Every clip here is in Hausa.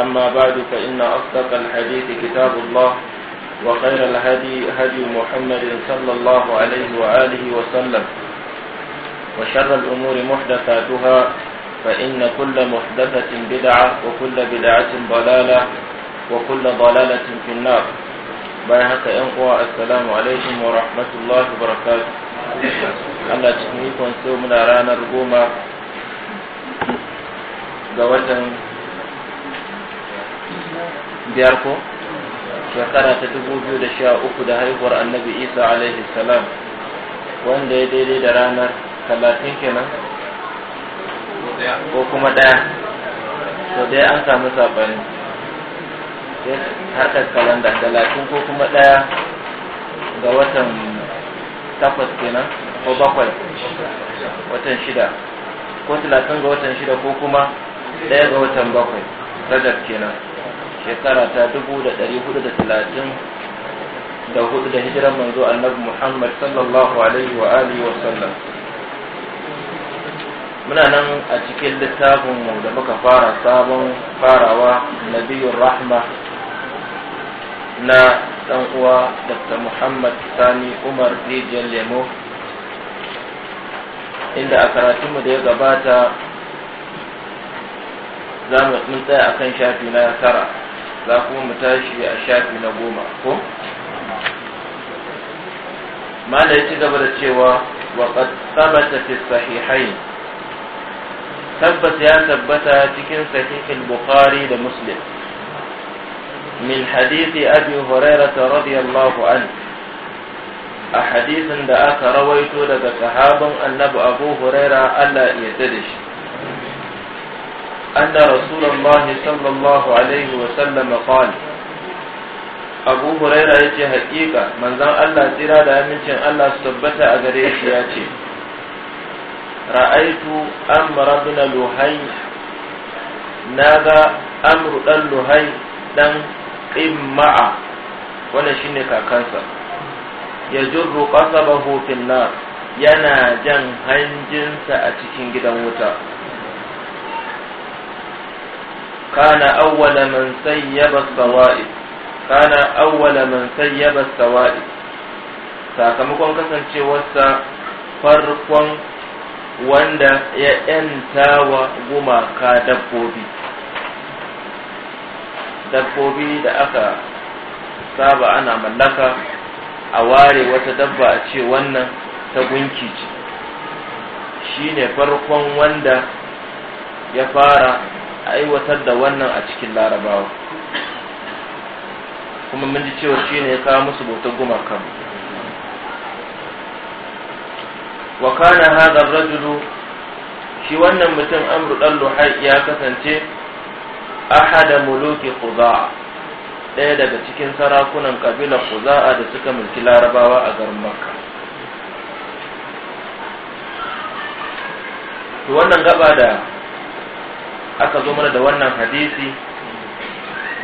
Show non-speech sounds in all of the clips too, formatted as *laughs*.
أما بعد فإن أصدق الحديث كتاب الله وخير الهدي هدي محمد صلى الله عليه وآله وسلم وشر الأمور محدثاتها فإن كل محدثة بدعة وكل بدعة ضلالة وكل ضلالة في النار بايعك أنقوى السلام عليكم ورحمة الله وبركاته Allah cikin ikon sai muna ranar goma ga watan biyar ko shekara ta dubu biyu da sha uku da haihuwar annabi isa alaihi salam wanda ya daidai da ranar talatin kenan ko kuma ɗaya to dai an samu saɓani harkar kalanda talatin ko kuma ɗaya ga watan takwas kenan ko bakwai watan shida ko talatin ga watan shida ko kuma ɗaya ga watan bakwai rajab kenan shekara ta dubu da dari hudu da talatin da hudu da hijiran manzo annabi Muhammad sallallahu alaihi wa alihi wa sallam muna nan a cikin littafin mu da muka fara sabon farawa nabiyur rahma na dan uwa Dr. Muhammad Sani Umar Rijiyar Lemo inda a karatunmu da ya gabata za mu tsaya akan shafi na tara za kuma mu tashi a shafi na goma ko mana ya ci gaba da cewa wa qad thabata fi sahihain tabbata ya tabbata cikin sahihin bukhari da muslim min hadithi abi hurairah radiyallahu anhu a hadisin da aka rawaito daga sahaban annabi abu huraira allah ya da shi أن رسول الله صلى الله عليه وسلم قال abu huraira ya ce haƙiƙa Manzon allah tsira da amincin allah su tabbata a gare shi ya ce ra'aitu amra bin na ga amru dan luhai dan qimma'a wanda shine kakansa ya jurru qasabahu fil nar yana jan hanjinsa a cikin gidan wuta kana awwala man sayyaba sawa'id kana sakamakon kasancewarsa farkon wanda ya wa gumaka dabbobi dabbobi da aka saba ana mallaka a ware wata dabba a ce wannan ta gunki ce shi ne farkon wanda ya fara aiwatar da wannan a cikin larabawa kuma mun ji cewa shi ne ya kawo musu bautar gumakan wa kana rajulu shi wannan mutum amru dan luhai ya kasance ahada muluki qudaa ɗaya daga cikin sarakunan kabila kuza'a da suka mulki larabawa a garin makka to wannan gaba da aka zo mana da wannan hadisi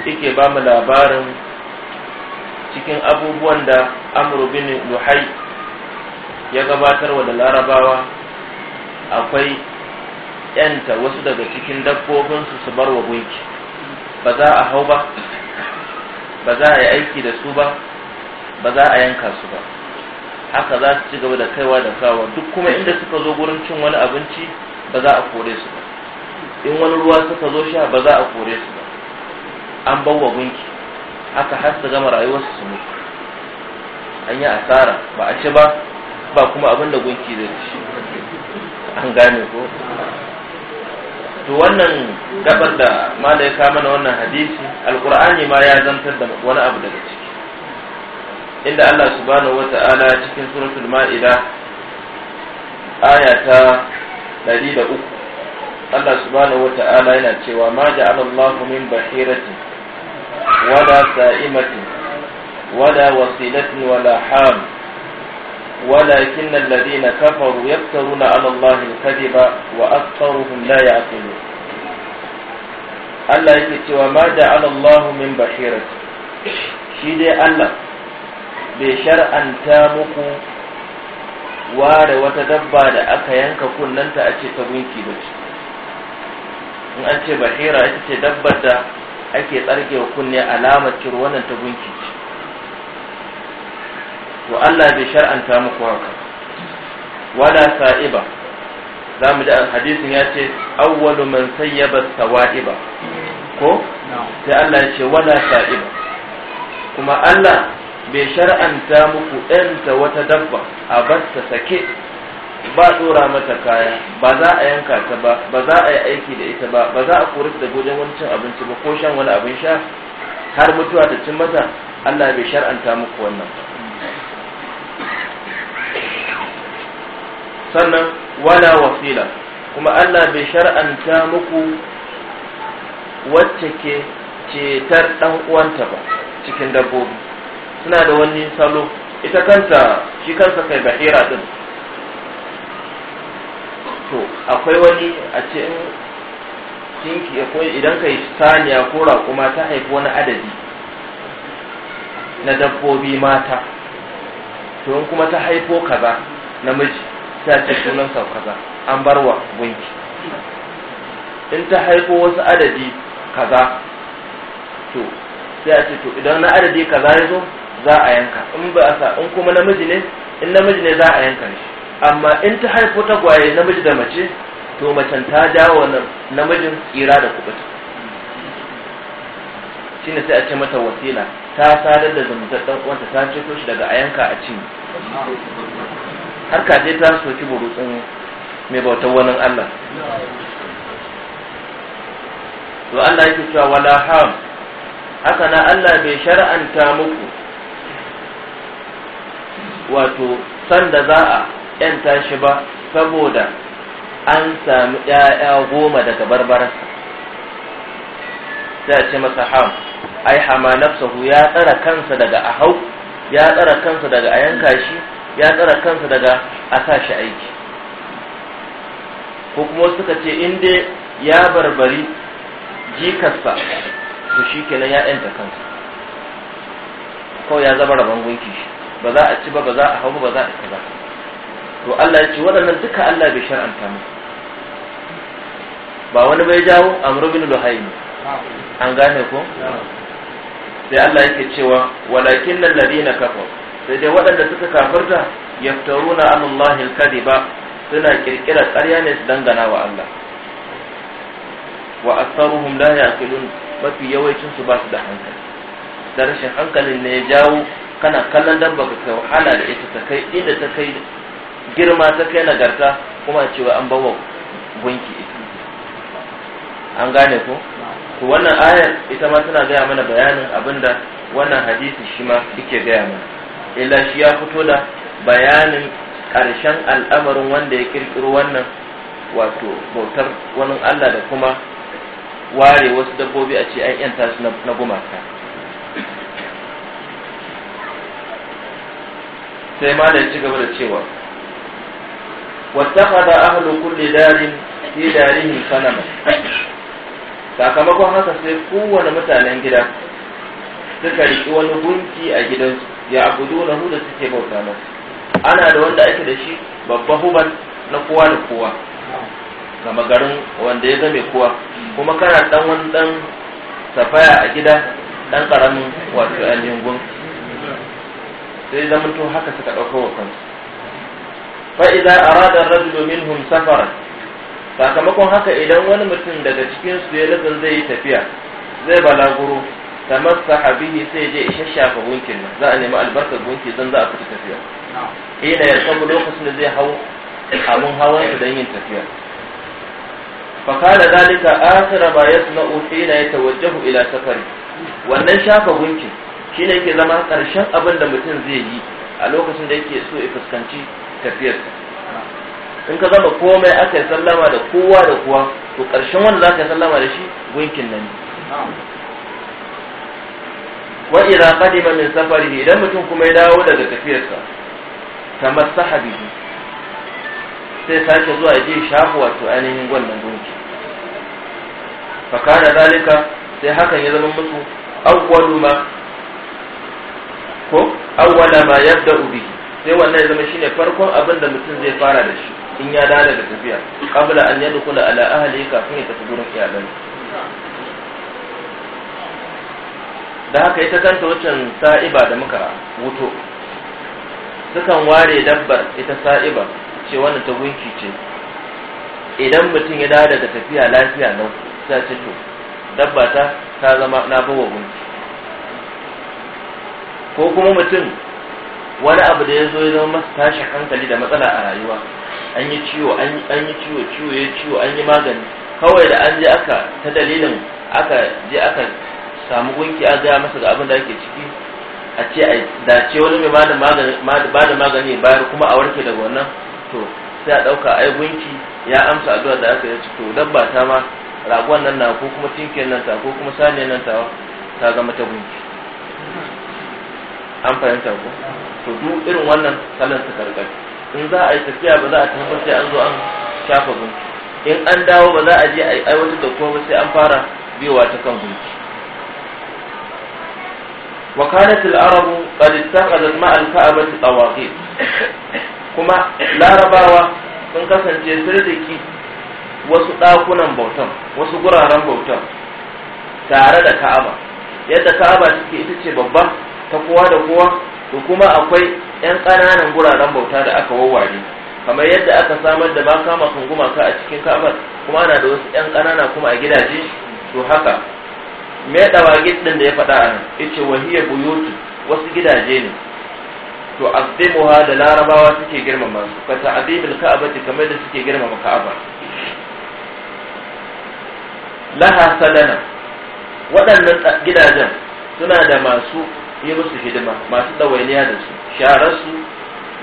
yake ba mu labarin cikin abubuwan da amru bin luhai ya gabatarwa da larabawa akwai yanta wasu daga cikin dabbobinsu su bar wa gunki ba za a hau ba ba za a yi aiki da su ba ba za a yanka su ba haka za su ci gaba da kaiwa da kawa duk kuma inda suka zo gurin cin wani abinci ba za a kore su ba in wani ruwa suka zo sha ba za a kore su ba an bawa gunki haka har su gama rayuwarsu su mutu an yi asara ba a ci ba ba kuma abin da gunki zai ci an gane ko to wannan gabar da mala ya kama na wannan hadisi alkur'ani ma ya zantar da wani abu daga ciki inda Allah subhanahu ta'ala cikin suratul ma'ida aya ta 103 Allah subhanahu wata'ala yana cewa ma ja'ala Allahu min bahiratin wala sa'imatin wala wasilatin wala ham ولكن الذين كفروا يفترون على الله الكذب وأكثرهم لا يعقلون Allah yake cewa ma ja'ala Allah min bashirat shi dai Allah bai shar'anta muku ware wata dabba da aka yanka kunnanta ta ba in an ce bahira ita ce dabbar da ake tsarke wa kunne alamar ciro wannan ta gunki ce to Allah bai shar'anta muku haka wala sa'iba za mu ji hadisin ya ce awwalu man sayyaba sawa'iba ko sai Allah ya ce wala sa'iba kuma Allah bai shar'anta muku ɗanta wata dabba a bar ta sake ba dora mata kaya ba za a yanka ta ba ba za a yi aiki da ita ba ba za a kori da gojen wani cin abinci ba ko shan wani abin sha har mutuwa ta cin mata Allah bai shar'anta muku wannan sannan wala wasila kuma Allah bai shar'anta muku wacce ke cetar dan uwanta ba cikin dabbobi suna da wani salo ita kanta shi kansa kai bahira din to akwai wani a ce kinki ko idan kai saniya ko raƙuma ta haifi wani adadi na dabbobi mata to in kuma ta haifo kaza namiji ta ce sunan sau kaza an barwa gunki in ta haifo wasu adadi kaza to sai a ce to idan na adadi kaza ya zo za a yanka in ba a sa in kuma namiji ne in namiji ne za a yanka shi amma in ta haifo ta gwaye namiji da mace to macen ta jawo namijin tsira da kubuta shi ne sai a ce mata wasila ta sadar da zumuntar ɗan ta ceto shi daga ayanka a ci har kaje ta soki burutsun mai bautar wani Allah to Allah yake cewa wala ham haka na Allah bai shar'anta muku wato sanda za a yanta shi ba saboda an sami ‘ya'ya goma daga barbararsa sai a ce masa ham ai hama nafsahu ya tsara kansa daga a hau ya tsara kansa daga a yanka shi ya tsara kansa daga a sa shi aiki ko kuma suka ce in dai ya barbari jikarsa to shi kenan ya ‘yanta kansa kawai ya zama rabon gunki ba za a ci ba ba za a hau ba za a ci ba to Allah ya ce waɗannan duka Allah bai shar'anta mu ba wani bai jawo amru bin luhaim an gane ko sai Allah yake cewa walakin na kafa. sai dai waɗanda suka kafarta yaftaruna kari ba suna kirkira ƙarya ne su dangana wa Allah wa aktharuhum la yaqilun mafi yawancin su ba su da hankali da rashin hankalin ne ya jawo kana kallon dabba ka kai wahala da ita ta kai inda ta kai girma ta kai nagarta kuma cewa an bawa gunki an gane ko to wannan ayar ita ma tana gaya mana bayanin abinda wannan hadisi shi ma yake gaya mana illa shi ya fito da bayanin ƙarshen al'amarin wanda ya kirkiro wannan wato bautar wani Allah da kuma ware wasu dabbobi a ce an yanta su na gumaka sai ma da ci gaba da cewa واتخذ أهل كل دار في داره صنما sakamakon haka sai kowane mutanen gida suka riƙi wani gunki a gidansu ya abudu na da suke bauta masa ana da wanda ake da shi babba huban na kowa da kowa gama garin wanda ya zame kowa kuma kana dan wani dan safaya a gida dan karamin wato ainihin gunki sai to haka suka ɗauka wa kansu fa'iza a radar domin minhum safara sakamakon haka idan wani mutum daga cikin su ya nufin zai yi tafiya zai balaguro ta masa sai je ishe shafa gunkin nan za a nemi albarkar gunki zan za a fita tafiya ina ya sabu lokacin da zai hau abun hawan su don yin tafiya fakala dalika asira ba ya suna na ya tawajjahu ila safari wannan shafa gunki shine yake zama karshen abin da mutum zai yi a lokacin da yake so ya fuskanci tafiyar in ka zama komai aka yi sallama da kowa da kowa to ƙarshen wanda za ka yi sallama da shi gunkin nan wa idza qadima min safarihi idan mutum kuma ya dawo daga tafiyarsa kamar bihi sai sake zuwa je shafu wato ainihin wannan gunki fa kana zalika sai hakan ya zama musu awwalu ma ko awwala ma yabda'u bi sai wannan ya zama shine farkon abin da mutum zai fara da shi in ya dada da tafiya kabla an yadkhula ala ahli kafin ya tafi gurin iyalan da haka ita kanta wancan sa'iba da muka wuto sukan ware dabbar ita sa'iba ce wannan ta gunki ce idan mutum ya dada da tafiya lafiya nan sai ce to dabba ta ta zama na bawa gunki ko kuma mutum wani abu da ya zo ya zama masa tashin hankali da matsala a rayuwa an yi ciwo an yi ciwo ciwo ya ciwo an yi magani kawai da an je aka ta dalilin aka je aka samu gunki a gaya masa ga abin da ake ciki a ce a dace wani mai ba da magani bayar kuma a warke daga wannan to sai a ɗauka ai gunki ya amsa addu'a da aka yi to dabba ta ma ragon nan na ko kuma tinkiyar nan ta ko kuma saniyar nan ta ta zama ta gunki an fahimta ko to duk irin wannan salon su karkar in za a yi tafiya ba za a tafi sai an zo an shafa gunki in an dawo ba za a je a yi aiwatar da kuma sai an fara biyowa ta kan gunki arab qad قد ma al الكعبة طواغيت kuma larabawa sun kasance sirdiki wasu ɗakunan bautan wasu guraren bautan tare da ka'aba yadda ka'aba take ita ce babba ta kowa da kowa to kuma akwai yan ƙananan guraren bauta da aka wawware kamar yadda aka samar da baka makon gumaka a cikin kamar kuma ana da wasu yan ƙanana kuma a gidaje to haka me dawa gidan da ya faɗa a nan yace wahiya buyutu wasu gidaje ne to azimuha da larabawa suke girmama su ka ta'dimul ta kamar da suke girmama ka'aba laha sadana waɗannan gidajen suna da masu yi musu hidima masu ɗawainiya da su shararsu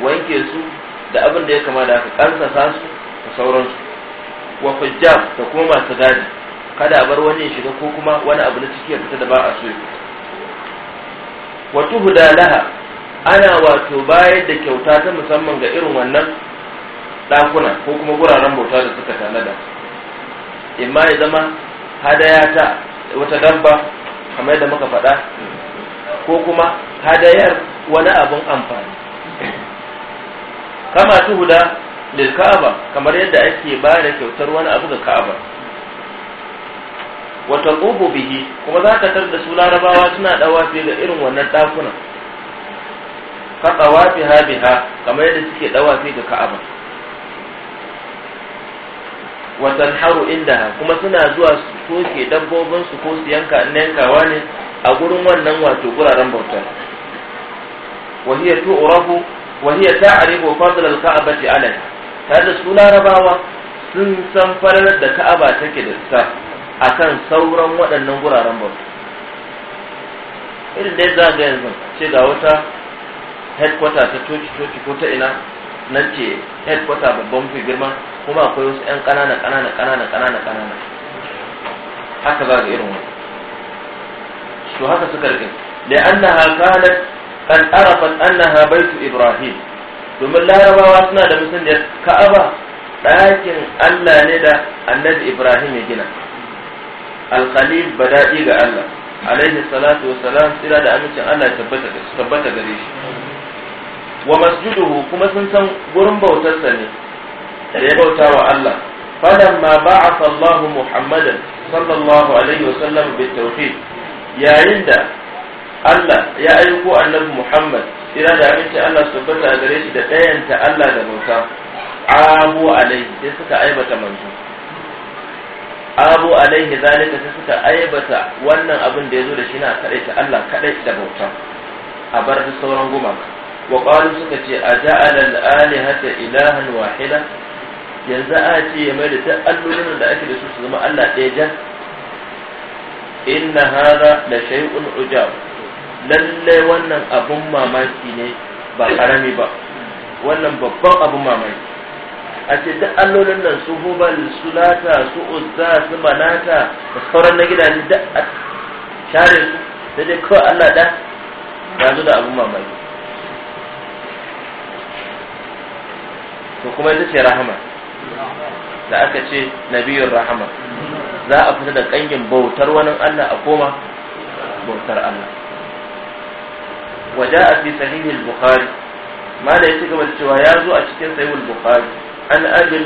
wanke su da abin da ya kama da aka kansasa su da sauransu wa fujjam da kuma masu gadi kada a bar wani ya shiga ko kuma wani abu na ciki ya fita da ba a so wato huda laha ana wato bayar da kyauta ta musamman ga irin wannan ɗakuna ko kuma guraren bauta da suka tanada imma ya zama hadaya ta wata dabba kamar yadda muka faɗa ko kuma hadayar wani abin amfani kama huda lil ka'aba kamar yadda ake ba da kyautar wani abu ga ka'aba wa taqubu bihi kuma za ka tarda su larabawa suna dawafi ga irin wannan dakuna ka dawafi ha biha kamar yadda suke ɗawafi ga ka'aba wa tanharu indaha kuma suna zuwa su soke dabbobin su ko su yanka yankawa ne a gurin wannan wato guraren bautar wahiyar tu'urafu ta'rifu fadl fadlal kabati alai tare su larabawa sun san farar da ka'aba take da sa akan sauran waɗannan guraren bauta irin da yadda ga yanzu ce ga wata headquarter ta coci coci ko ta ina nan ce headquarter babban fi girma kuma akwai wasu 'yan ƙanana ƙanana ƙanana ƙanana ƙanana haka za ga irin wani to haka suka rike li'annaha kanat qad arafat annaha baitu ibrahim domin larabawa suna da musulmiyar ka'aba ɗakin Allah ne da annabi ibrahim ya gina alkhalil bada'i ga Allah alaihi salatu wassalam tsira da amincin Allah tabbata tabbata gare shi wa masjiduhu kuma sun san gurin bautarsa ne da ya bauta wa Allah falamma ba'atha Allah Muhammadan sallallahu alaihi wasallam bitawhid yayin da Allah ya aiko annabi Muhammad ira da aminci Allah su tabbata gare shi da ɗayanta Allah da bauta abu alaihi sai suka aibata manzo abu alaihi zalika sai suka aibata wannan abin da yazo da shi na kadai ta Allah kadai da bauta a bar sauran gumaka wa qalu suka ce aja'ala al-alihata ilahan wahida yanzu a ce ya mai da ta allolin da ake da su su zama Allah ɗaya jan inna hada la shay'un ujab lalle wannan abun mamaki ne ba karami ba wannan babban abun mamaki a ce duk allolin nan su hubal su lata su uzza su manata da sauran na gidaje duk a share su da dai kawai Allah da ya zo da abun mamaki to kuma ita ce rahama da aka ce nabiyun rahama za a fita da kangin bautar wani Allah a koma bautar Allah a fi sahih al-bukhari ma da gaba cewa ya zo a cikin sahih al-bukhari an abil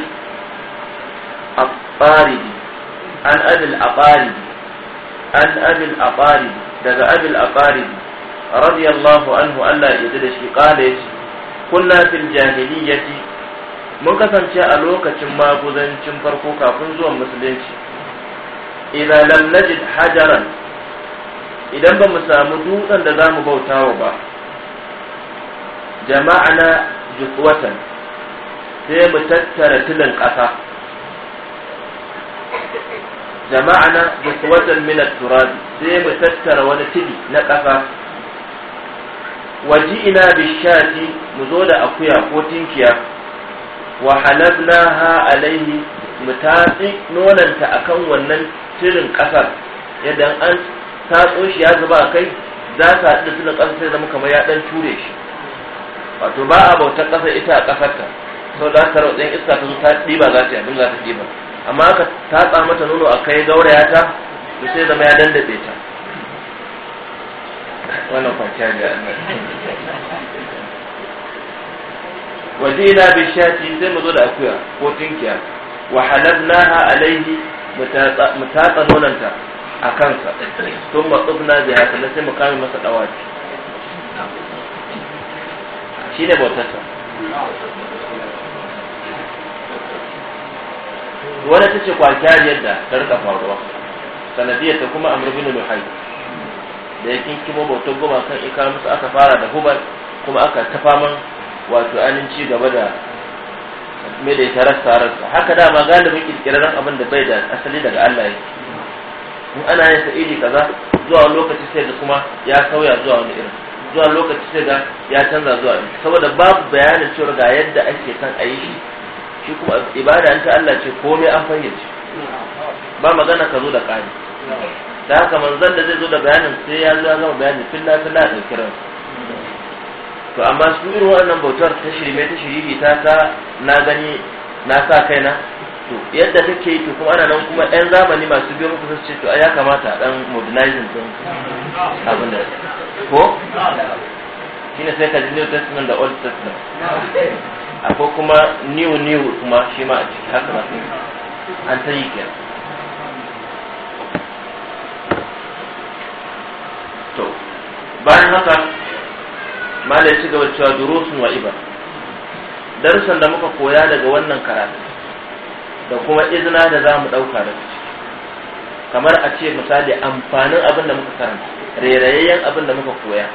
aqaridi an abil aqaridi an abil daga abil aqaridi radiyallahu anhu Allah ya da shi kala yace kunna fil jahiliyyati mun kasance a lokacin maguzancin farko kafin zuwan musulunci idan lam najid hajaran idan ba mu samu dutsen da za mu wa ba jama'ana jukwatan sai mu tattara tilin ƙasa jama'ana jukwatan minat turabi sai mu tattara wani tili na ƙasa waji ina bishati mu zo da akuya ko tinkiya wa halabnaha alaihi mu tatsi nonanta akan wannan tirin kasar yadda an tatso shi ya zuba a kai za ta haɗu da tunan kasar sai zama kamar ya ɗan ture shi wato ba a bautar ƙasa ita a ƙasar ta sau da ta rautsayin iska ta zo ta ɗiba za ta yi abin za ta ɗiba amma aka tatsa mata nono a kai gauraya ta to sai zama ya dandaɗe ta wannan kwanciya ne wajina bi shati sai mu zo da akuya ko tinkiya wa halalnaha alaihi mutatsa nonanta a kansa tun ba tsufna da sai mu kame masa dawaki shi ne bautarsa wani ta ce kwakiya yadda ta rika faruwa sanadiyar ta kuma amur bin luhai da ya kinkimo bautar gumakan ika musu aka fara da hubar kuma aka ta faman wato anin ci gaba da mai da ita rasa rasa haka dama galibin kirkirarren abin da bai da asali daga Allah yake in ana yin sa iri kaza zuwa lokaci sai da kuma ya sauya zuwa wani irin zuwa lokaci sai da ya canza zuwa ne saboda babu bayanin cewa ga yadda ake san a yi shi shi kuma ibada an ta Allah ce komai an fahimci ba magana ka zo da ƙari da haka manzon da zai zo da bayanin sai ya zama bayanin filla filla da kiransa to amma su irin wannan bautar ta mai ta shiriri ta ta na gani na sa kaina to yadda take yi to kuma ana nan kuma ɗan zamani masu biyo muku su ce to ya kamata ɗan modernizing din abin da ko kina sai ka ji new testament da old testament akwai kuma new new kuma shi ma a ciki haka ba an ta yi kenan to bayan haka malai ci gaba cewa durusun wa iba darussan da muka koya daga wannan karatu da kuma izina da za mu ɗauka da su kamar a ce misali amfanin abin da muka karanta rairayayyen abin da muka koya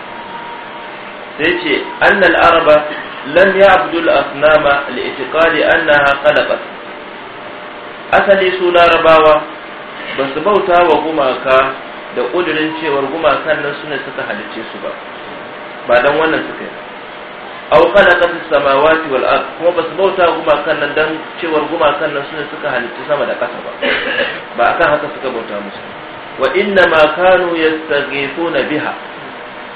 sai ce annal araba lam ya abdul asnama li itiqadi annaha qalaqat asali su larabawa ba su bauta wa gumaka da ƙudurin cewar gumakan nan suna suka halicce su ba ba dan wannan suka yi aw khalaqat as-samawati wal ard kuma basu bauta gumakan nan dan cewar gumakan nan sune suka halitta sama da ƙasa ba ba akan haka suka bauta musu wa inna ma kanu yastaghifuna biha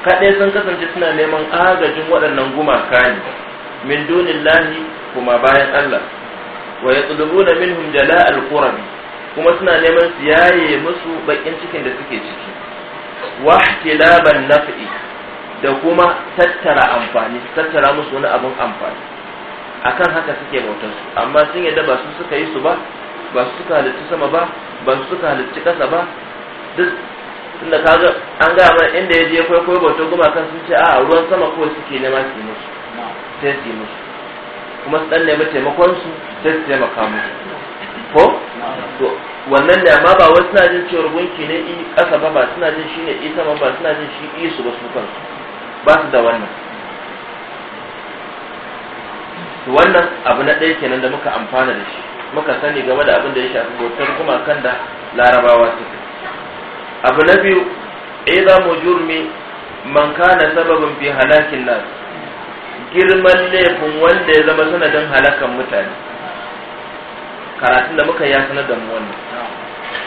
kaɗai sun kasance suna neman agajin waɗannan gumaka ne min dunillahi kuma bayan Allah wa yatlubuna minhum jala'al qurbi kuma suna neman su yaye musu bakin cikin da suke ciki wa ihtilaban naf'i da kuma tattara amfani tattara musu wani abin amfani akan haka suke bautar su amma sun yadda ba su suka yi su ba ba su suka halitta sama ba ba su suka halitta kasa ba duk tunda kaga an ga mana inda ya je kwaikwayo bautar kan sun ce a ruwan sama ko suke nema su yi musu sai su yi musu kuma su dan nemi taimakon su sai su taimaka musu ko to wannan da ma ba wasu suna jin cewar gunki ne i kasa ba ba suna jin shi ne i sama ba suna jin shi i su ba su kansu ba su da wannan wannan abu na ɗaya kenan da muka amfana da shi muka sani game da abin da ya shafi bautar kan da larabawa suka abu na biyu za mu jurumi man kana sababin fi halakin nan, girman laifin wanda ya zama sanadin halakan mutane karatun da muka ya sanar da mu wannan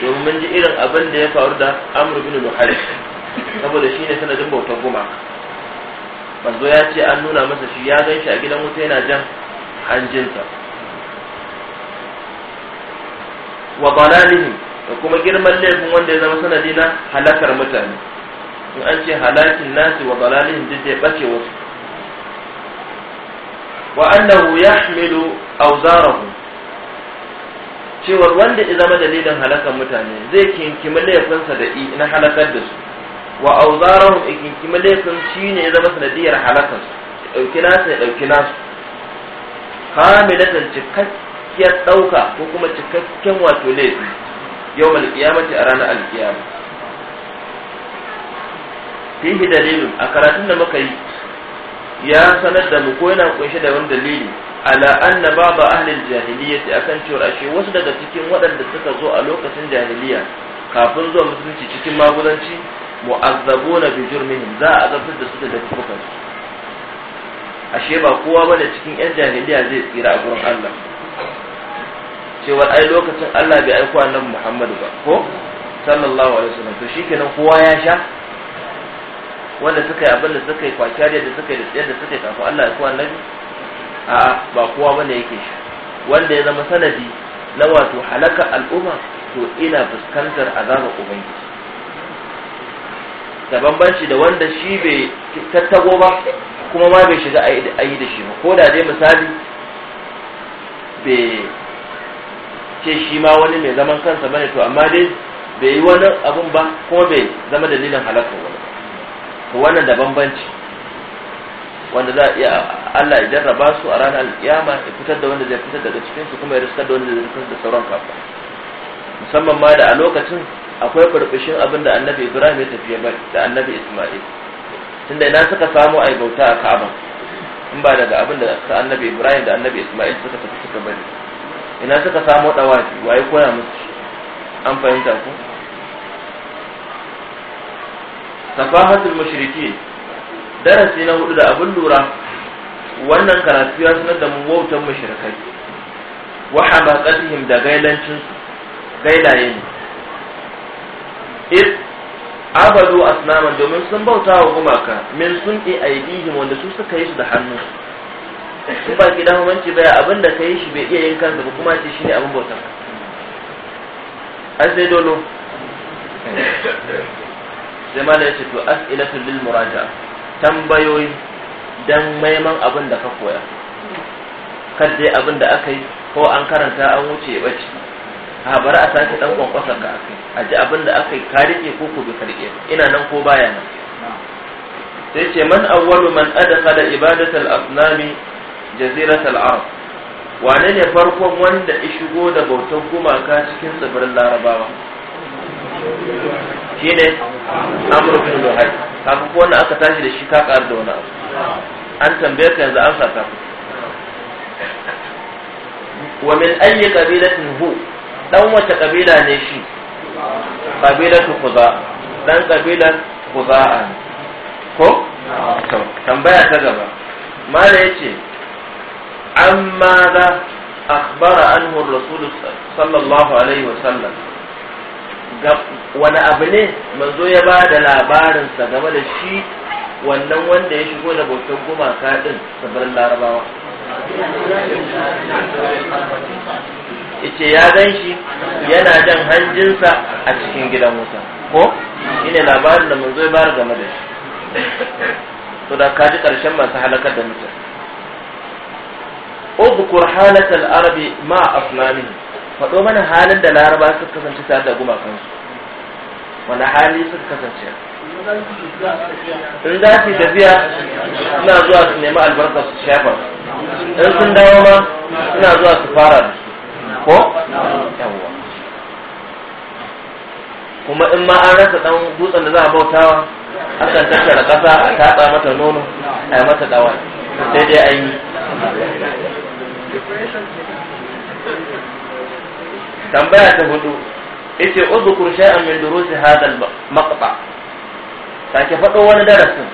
domin mun ji irin abin da ya faru da amr bin luhari saboda ne sanadin bautar gumaka manzo ya ce an nuna masa shi ya gan shi a gidan wuta yana jan hanjinsa wa balalihi da kuma girman laifin wanda ya zama sanadi na halakar mutane in an ce halakin nasi wa balalihin duk zai bace wasu wa annahu yahmilu awzarahu cewa wanda ya zama dalilin halakar mutane zai kinkimi laifinsa da i na halakar da su wa auzarahum ikinkima laifin shine ya zama sanadiyar halakar su dauki nasu ya dauki nasu kamilatan cikakkiyar dauka ko kuma cikakken wato laifi yau malkiyamati a ranar alkiyama fihi dalilin a karatun da muka yi ya sanar da mu ko yana kunshe da wani dalili ala anna baba ahlil jahiliyyati akan cewa ashe wasu daga cikin waɗanda suka zo a lokacin jahiliya kafin zuwa musulunci cikin magudanci mu'azzabuna bi jurmihim za a azabtar da su da kuka. su ashe ba kowa ba da cikin yan jahiliya zai tsira a gurin Allah cewa ai lokacin Allah bai aiko annabi Muhammad ba ko sallallahu alaihi wasallam to shikenan kowa ya sha wanda suka yi abin da suka yi kwaciya da suka yi da tsayar da suka yi kafin Allah ya aiko annabi a ba kowa ne yake sha wanda ya zama sanadi na wato halaka al'umma to ina fuskantar azabar ubangiji da bambanci da wanda shi bai tattago ba kuma ma bai shiga a yi da shi ba ko da dai misali bai ce shi ma wani mai zaman kansa bane to amma dai bai yi wani abun ba kuma bai zama dalilin halakar wani to wannan da bambanci wanda za a iya Allah ya jarraba su a ranar alkiyama ya fitar da wanda zai fitar daga cikin su kuma ya riskar da wanda zai fitar da sauran kafa musamman ma da a lokacin akwai burbushin abin da annabi ibrahim ya ba da annabi isma'il tunda ina suka samu ai bauta a ka'aba in ba daga abin da ta annabi ibrahim da annabi isma'il suka tafi suka bari ina suka samu dawafi waye koya musu an fahimta ku safahatul mushrikin darasi na hudu da abin lura wannan karatu ya sanar da mu wautan mushrikai wa hamaqatihim da gailancin gailaye ne iz abadu asnaman domin sun bauta wa gumaka min sun ɗi aidihim wanda su suka yi su da hannu sun ba ki da hukunci baya abin da ka yi shi bai iya yin kansa ba kuma ce shine abin bautar ai sai dolo sai ma da ce to as'ilatu lil muraja tambayoyi dan maiman abin da ka koya kar dai abin da aka yi ko an karanta an wuce bace a bari a sake dan kwankwasa ka akai a ji abin da aka yi ka rike ko ku bi karke ina nan ko baya nan sai ce man awwalu man adkhala ibadat al-asnami jazirat al-arab wane ne farkon wanda ya shigo da bautar gumaka cikin tsibirin larabawa shine amru bin luhay kafin ko wanda aka tashi da shi ka ƙara da wani abu an tambaye ka yanzu an saka wa min ayyi qabilatin hu dan wata kabila ne shi Ɗan khuza dan qabilan ko tambaya ta gaba mala yace amma da akhbara anhu rasul sallallahu alaihi wasallam wani abu ne manzo ya ba da labarinsa game da shi wannan wanda ya shigo da bautar gumaka din tsibirin larabawa yace ya gan shi yana jan hanjinsa a cikin gidan wuta ko shine labarin da manzo ya bayar game da shi to da kaji karshen masu halakar da mutum udhkur al arabi ma asnami faɗo mana halin da laraba suka kasance tare da su, wani hali suka kasance in za su tafiya suna zuwa su nemi albarka su shafa in sun dawo ma suna zuwa su fara da su ko yawwa kuma in ma an rasa dan dutsen da za a bautawa akan tattara kasa a tatsa mata nono a yi mata dawa sai dai an yi tambaya ta hudu yace udhkur shay'an min durusi hadha al-maqta ke faɗo wani darasin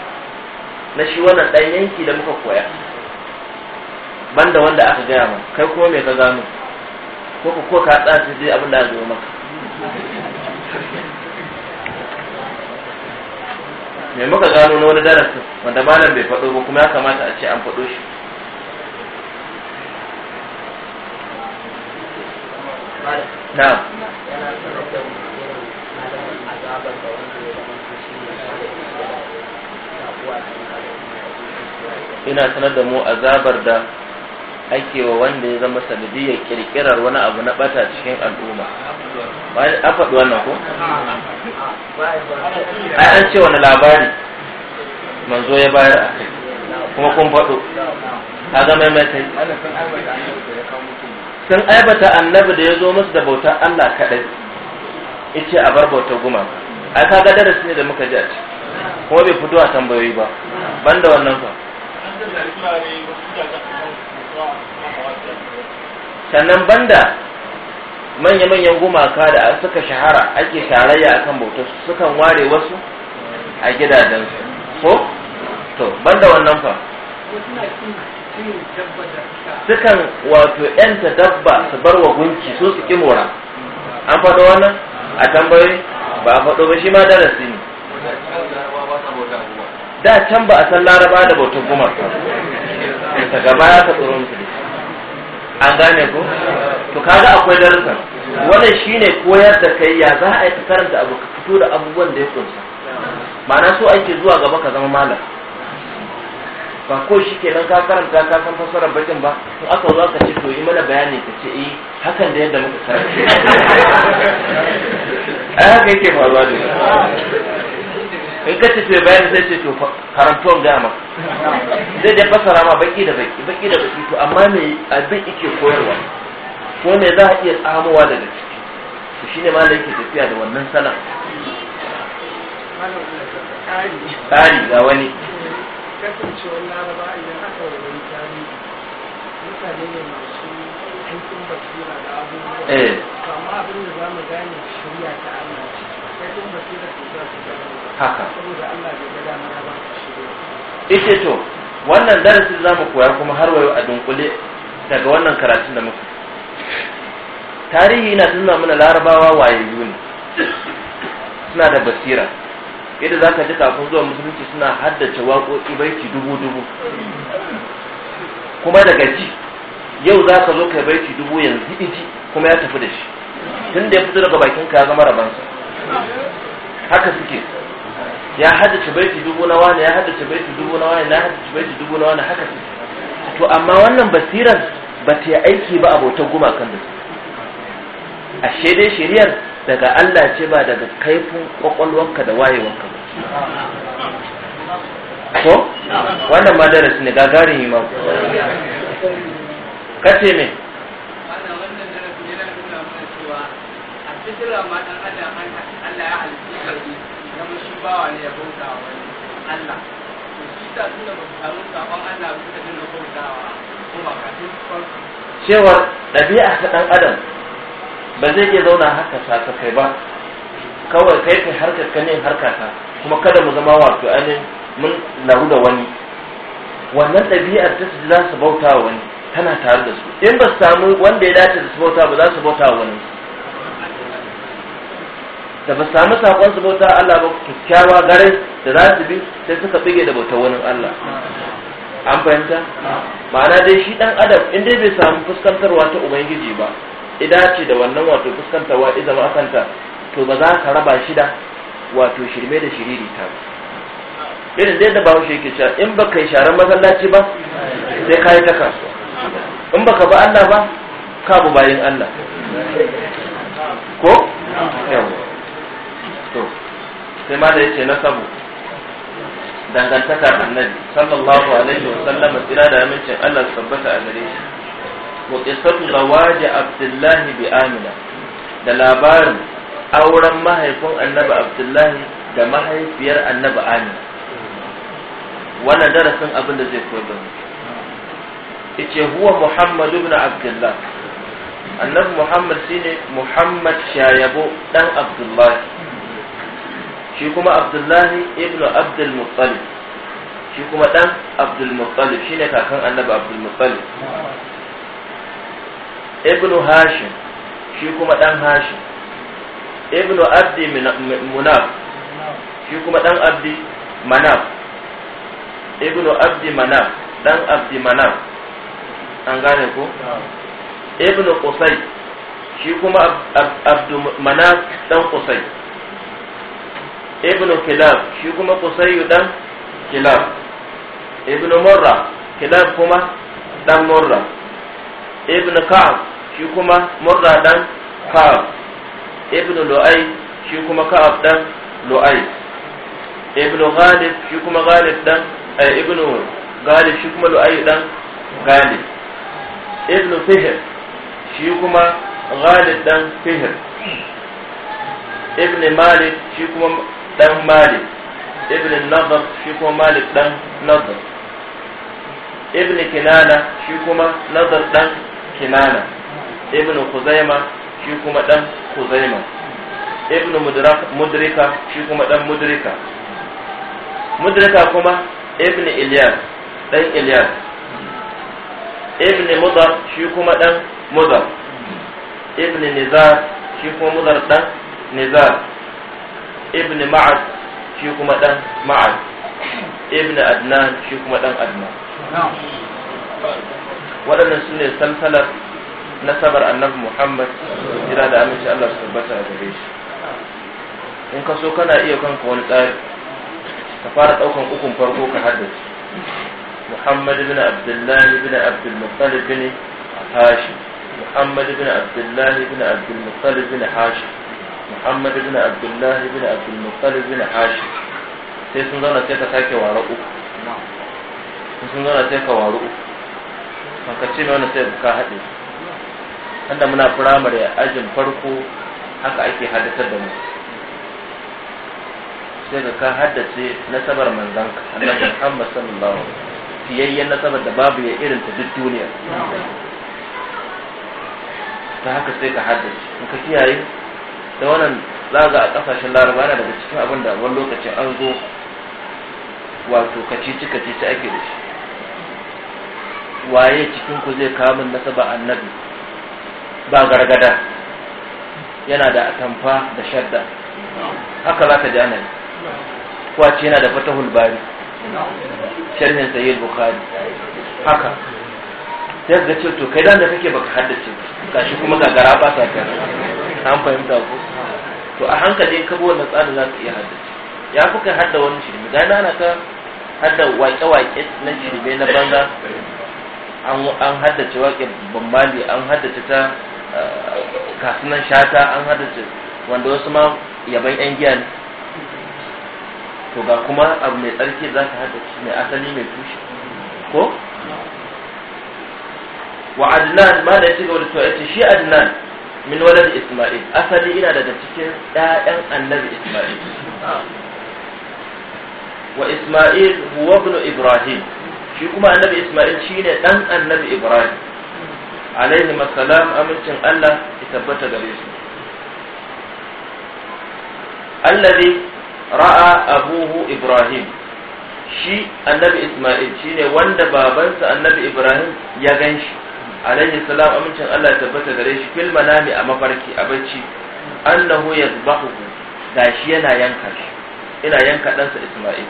na shi wannan ɗan yanki da muka koya banda wanda aka gaya mu kai kuma me ka gano ko ko ka hada su je abin da zo maka me muka gano na wani darasin wanda malam bai faɗo ba kuma ya kamata a ce an faɗo shi na'am ina sanar da mu azabar da ake wa wanda ya zama sanadiyar kirkirar wani abu na bata cikin al'umma a faɗi wannan ko ai an ce wani labari manzo ya bayar a kai kuma kun faɗo a ga maimaitai sun aibata annabi da ya zo musu da bautar Allah kaɗai ice a bar bautar guma ai ka ga darasi ne da muka ji a ci kuma bai fito a tambayoyi ba banda wannan fa sannan banda manya-manyan gumaka da suka shahara ake tarayya akan bautar su sukan ware wasu a gidajensu ko to banda wannan fa sukan wato yanta dabba su bar wa gunki su su kimora an faɗo wannan a tambayoyi ba a faɗo ba shi ma darasi ne da can ba a san laraba da bautar gumaka ta gaba ya ta tsoron su an gane Ku to kaga akwai darussan wannan shine koyar da kai ya za a yi karanta abu ka fito da abubuwan da ya kunsa ma'ana so ake zuwa gaba ka zama malam ba ko shi kenan ka karanta ka san fassarar bakin ba in aka zo ka ce to yi mana bayani ka ce eh hakan da yadda muka karanta *laughs* ai haka yake faruwa ne in ka ce bai bayan zai ce to karantuwan gaya ma zai dai fasara ma baki da baki baki da baki to amma me abin yake koyarwa ko ne za a iya tsamowa daga ciki to shine ma da yake tafiya da wannan sana tsari ga wani kasancewar laraba idan aka wani tsari. mutane ne masu basira da abubuwa eh. amma abin da za mu gane shirya ta haka ishe to wannan darasin za mu koya kuma har wayo a dunkule daga wannan karatun da muka tarihi na nuna mana larabawa wayayyu ne suna da basira yadda za ka ji kafin zuwa musulunci suna haddace waƙoƙi baiti dubu-dubu kuma daga ji yau za ka zo kai baiti dubu yanzu iji kuma ya tafi da shi tun da ya fito daga bakin ka zama rabansa haka suke ya haddace baiti dubu na wani ya haddace baiti dubu na wani na haddace baiti dubu na wani haka to amma wannan basirar ba ta yi aiki ba abotar gumakan da su ashe dai shiriyar daga Allah ce ba daga kaifin kwakwalwarka da wayewanka ba ko wannan ma darasi ne gagarin yi ma kace me Allah ya halitta nan shi bawa ne ya bauta wa Allah to shi ta tunda ba samu sabon Allah ba ta dinga bautawa ko ba kafin farko cewar ɗabi'a ta ɗan adam ba zai iya zauna haka ta kai ba kawai kai kai harkar ka ne harka ta kuma kada mu zama wato ainihin mun laru da wani wannan ɗabi'ar ta za su bauta wani tana tare da su in ba su samu wanda ya dace da su bauta ba za su bauta wani da ba samu sakon su bauta Allah ba kyakkyawa garai da za su bi sai suka bige da bautar wani Allah an fahimta ma'ana dai shi dan adam in dai bai samu fuskantarwa ta ubangiji ba idan ce da wannan wato fuskantarwa idan ma kanta to ba za ka raba shi da wato shirme da shiriri ta ba irin dai da bawo shi yake cewa in ba yi sharan masallaci ba sai ka yi ta kasuwa in ka ba Allah ba ka bu bayin Allah ko yawa to sai ma da yace nasabu dangantaka annabi sallallahu alaihi wa sallam tsira da amincin Allah tabbata a gare shi wa qissatu zawaji abdullah bi amina da labarin auren mahaifin annabi abdullahi da mahaifiyar annabi amina wannan darasin abin da zai koyar da mu yace huwa muhammad ibn abdullah annabi muhammad shine muhammad shayabo dan abdullahi shi kuma abdullahi ibnu abdul muttalib shi kuma dan abdul muttalib shine kakan annabi abdul muttalib ibnu hashim shi kuma dan hashim ibnu abdi munaf shi kuma dan abdi manaf ibnu abdi manaf dan abdi manaf an gane ko ibnu qusay shi kuma abdu manaf dan qusay ibnu kilab shi kuma kusayyu dan kilab ibnu murra kilab kuma dan murra ibnu ka'ab shi kuma murra dan ka'ab ibnu lu'ay shi kuma ka'ab dan lu'ay ibnu ghalib shi kuma ghalib dan eh, ibnu galib shi kuma lu'ay dan galib ibnu fihr shi kuma galib dan fihr ibn malik shi kuma dan malik ibn nadar shi kuma malik dan nadar ibn kinana shi kuma nadar dan kinana ibn khuzaima shi kuma dan khuzaima ibn mudrika shi kuma dan mudrika mudrika kuma ibn ilyas dan ilyas ibn mudar shi kuma dan mudar ibn nizar shi kuma mudar dan nizar ibn ma'ad shi kuma dan ma'ad ibn adnan shi kuma dan adnan waɗannan su ne salsalar nasabar annabi muhammad jira da aminci allah su tabbata a gare shi in ka so kana iya kanka wani tsari ka fara ɗaukan ukun farko ka haddace muhammad ibn abdullahi ibn بن عبد المطلب بن هاشم محمد بن عبد الله بن muhammad bin abdullahi bin abdulmuttalib bin hashim sai sun zauna sai ka sake ware uku sun zauna sai ka ware uku ka ce mai wani sai ka haɗe tunda muna firamare ajin farko haka ake haddatar da mu sai ka haddace nasabar manzanka annabi muhammad sallallahu alaihi wasallam nasabar da babu ya irin ta duk duniya ta haka sai ka haddace in ka kiyaye da wannan laza a kasashen laraba yana daga cikin abin da wani lokacin an zo wato kacici kacici ake da shi waye cikin ku zai kawo min nasaba annabi ba gargada yana da atamfa da shadda haka za ka ji ana yi kwace yana da fatahul bari sharhin sayyid bukhari haka yadda ce to kai da kake baka haddace ba gashi kuma gagara ba ta an fahimta ko to a hankali in kabo wannan tsarin za ka iya haddace ya fi kan hadda wani shirme gani ana ta hadda waƙe-waƙe na shirme na banza an haddace waƙe bambali an haddace ta eh, kasunan shata an haddace wanda wasu ma yaban yan giya ne to ga kuma abu mai tsarki za ka haddace mai asali mai tushe ko wa adnan ma da ya ci gaba da to shi adnan min walad Isma'il asali ina daga cikin ɗayan annabi Isma'il wa Isma'il huwa ibn Ibrahim shi kuma annabi Isma'il shine ɗan annabi Ibrahim alaihi masalam amincin Allah ya tabbata gare shi allazi ra'a abuhu Ibrahim shi annabi Isma'il shine wanda babansa annabi Ibrahim ya ganshi alaihi salam amincin Allah ya tabbata gare shi fil manami a mafarki a bacci annahu yadhbahu gashi yana yanka shi ina yanka ɗansa Isma'il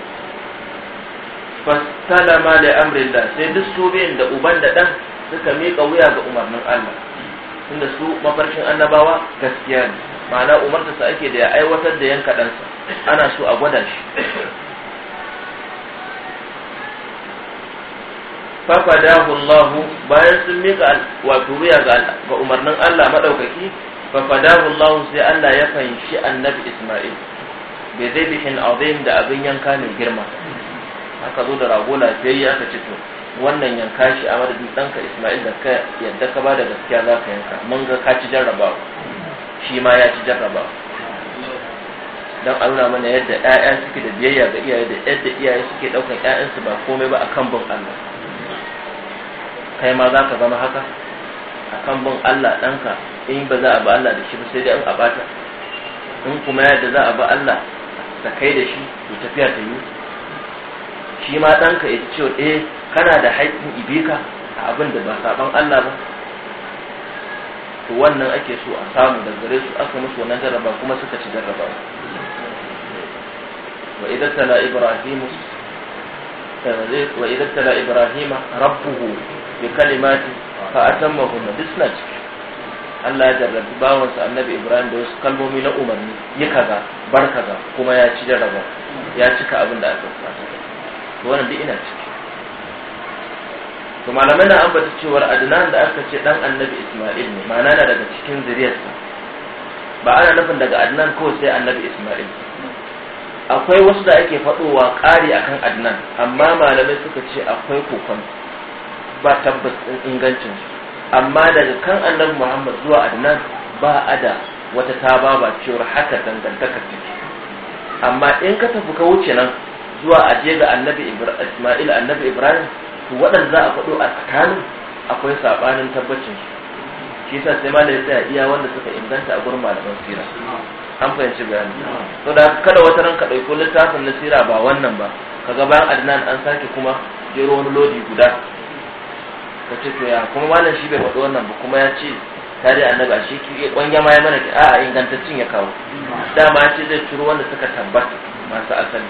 fastalama li amrillah sai duk su biyan da uban da ɗan suka miƙa wuya ga umarnin Allah tunda su mafarkin annabawa gaskiya ne ma'ana umarta sa ake da ya aiwatar da yanka ɗansa ana so a gwada shi fafadahu Allah bayan sun mika wato wuya ga umarnin Allah madaukaki fafadahu Allah sai Allah ya fanshi annabi Isma'il bi zabihin azim da abin yanka mai girma aka zo da rago lafiyayya aka ci to wannan yanka shi a madadin ɗanka Isma'il da ka yadda ka ba da gaskiya za ka yanka mun ga ka ci jarrabawa shi ma ya ci jarrabawa don auna mana yadda 'ya'ya suke da biyayya ga iyaye da yadda iyaye suke ɗaukan 'ya'yansu ba komai ba akan bin Allah kai ma za ka zama haka kan bin Allah ɗanka in ba za a ba Allah da shi ba sai dai a bata in kuma yadda za a ba Allah da kai da shi to tafiya ta yi shi ma ɗanka ya ce eh kana da haƙƙin ibeka a abin da ba saban Allah ba to wannan ake so a samu da gare su aka musu wannan jarraba kuma suka ci jarraba wa idza tala ibrahimu wa idza tala ibrahima rabbuhu bi kalimati fa atammahunna duk suna ciki Allah ya jarrabi sa annabi Ibrahim da wasu kalmomi na umarni yi kaza bar kaza kuma ya ci jarraba ya cika abin da aka fata to wannan duk ina ciki to malamai na ambata cewar Adnan da aka ce dan annabi Isma'il ne ma'ana na daga cikin zuriyarsa ba ana nufin daga Adnan ko sai annabi Isma'il akwai wasu da ake faɗowa ƙari akan Adnan amma malamai suka ce akwai kokon ba tabbas ɗin ingancin amma daga kan annabi muhammad zuwa adnan ba a da wata ta ba cewa haka dangantaka take amma in ka tafi ka wuce nan zuwa aje ga annabi isma'il annabi ibrahim to waɗanda za a faɗo a tsakanin akwai saɓanin tabbacin shi yasa sai ma da ya tsaya iya wanda suka inganta a gurin malaman sira an fahimci bayani to da kada wata ran ka ɗauko littafin na sira ba wannan ba kaga bayan adnan an sake kuma jero wani lodi guda ka ce to ya kuma malam shi bai faɗi wannan ba kuma ya ce ta dai annabi a shi ki kwanya eh, ma ya mana ki a'a ingantaccen ya kawo dama ya ce zai turo wanda suka tabbata masu asali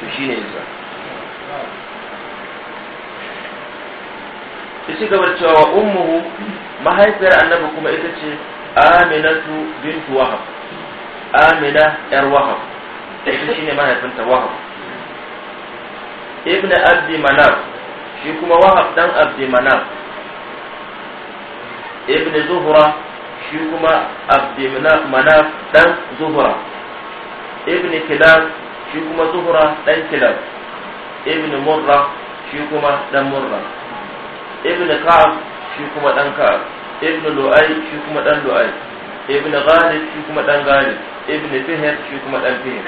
to shi ne yanzu gaba cewa wa ummuhu mahaifiyar annabi kuma ita ce aminatu bintu wahab amina yar wahab ita shi ne mahaifinta wahab ibn abdi manaf shi kuma wahab dan abdi manaf ibn zuhra shi kuma abdulmanaf dan zuhra ibn kilab shi kuma zuhra dan kilab ibn murra shi kuma dan murra ibn ka'ab shi kuma dan ka'ab ibn lu'ay shi kuma dan lu'ay ibn ghalib shi kuma dan ghalib ibn fihr shi kuma dan fihr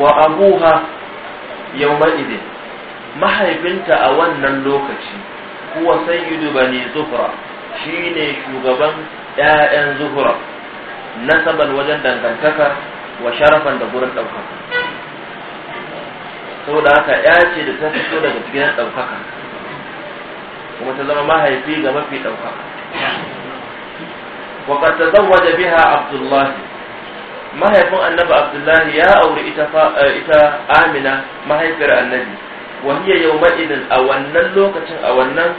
wa abuha yawma idin mahaifinta a wannan lokaci huwa sayyidu bani zuhra shine shugaban ƴaƴan zuhura nasaban wajen dangantaka wa sharafan da gurin ɗaukaka da haka ya ce da ta fito daga gidan ɗaukaka kuma ta zama mahaifi ga mafi ɗaukaka zan waje biya a الله mahaifin annabi abdullahi ya auri ita eh, amina mahaifiyar annabi wani yau maidin a wannan lokacin a wannan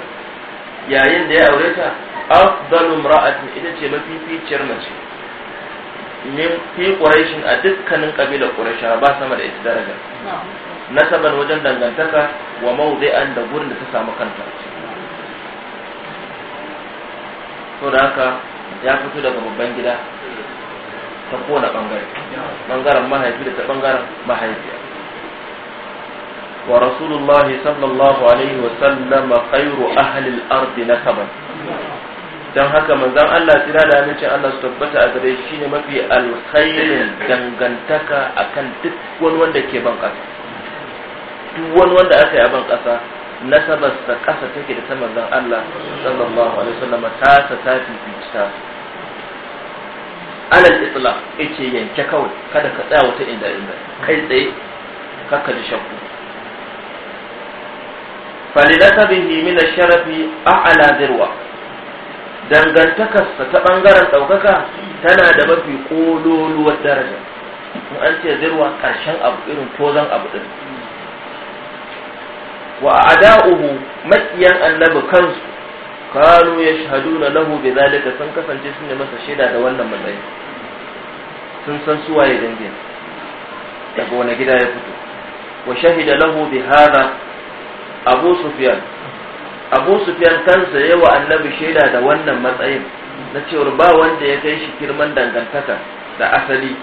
yayin da ya aure ta afdalu imra'atin ita ce mafificiyar mace min fi quraishin a dukkanin kabilar quraisha ba sama da ita daraja nasaban wajen dangantaka wa mawdi'an da gurin da ta samu kanta to da haka ya fito daga babban gida ta kowane bangare bangaren mahaifi da ta bangaren mahaifiya ورسول الله صلى الله عليه وسلم خير أهل الأرض نسبا dan haka manzon Allah tira da amincin Allah su tabbata a gare shi ne mafi alkhairin dangantaka akan duk wani wanda ke ban ƙasa duk wani wanda aka yi a ban ƙasa nasabar sa ƙasa take da ta manzon Allah sallallahu alaihi wasallam ta ta tafi ta alal isla yace yanke kawai kada ka tsaya wata inda inda kai tsaye kakka ji shakku فلنسبه من الشرف أعلى ذروة dangantakarsa ta ɓangaren ɗaukaka tana da mafi ƙololuwar daraja in an ce zirwa ƙarshen abu irin tozan abu ɗin wa ada'uhu maƙiyan annabi kansu kanu ya shahaduna lahu bi zalika sun kasance sun ne masa shaida da wannan matsayi sun san su waye dangin daga wani gida ya fito wa shahida lahu bi hada abu sufyan abu sufyan kansa ya wa annabi shaida da wannan matsayin na cewar ba wanda ya kai shi girman dangantaka da asali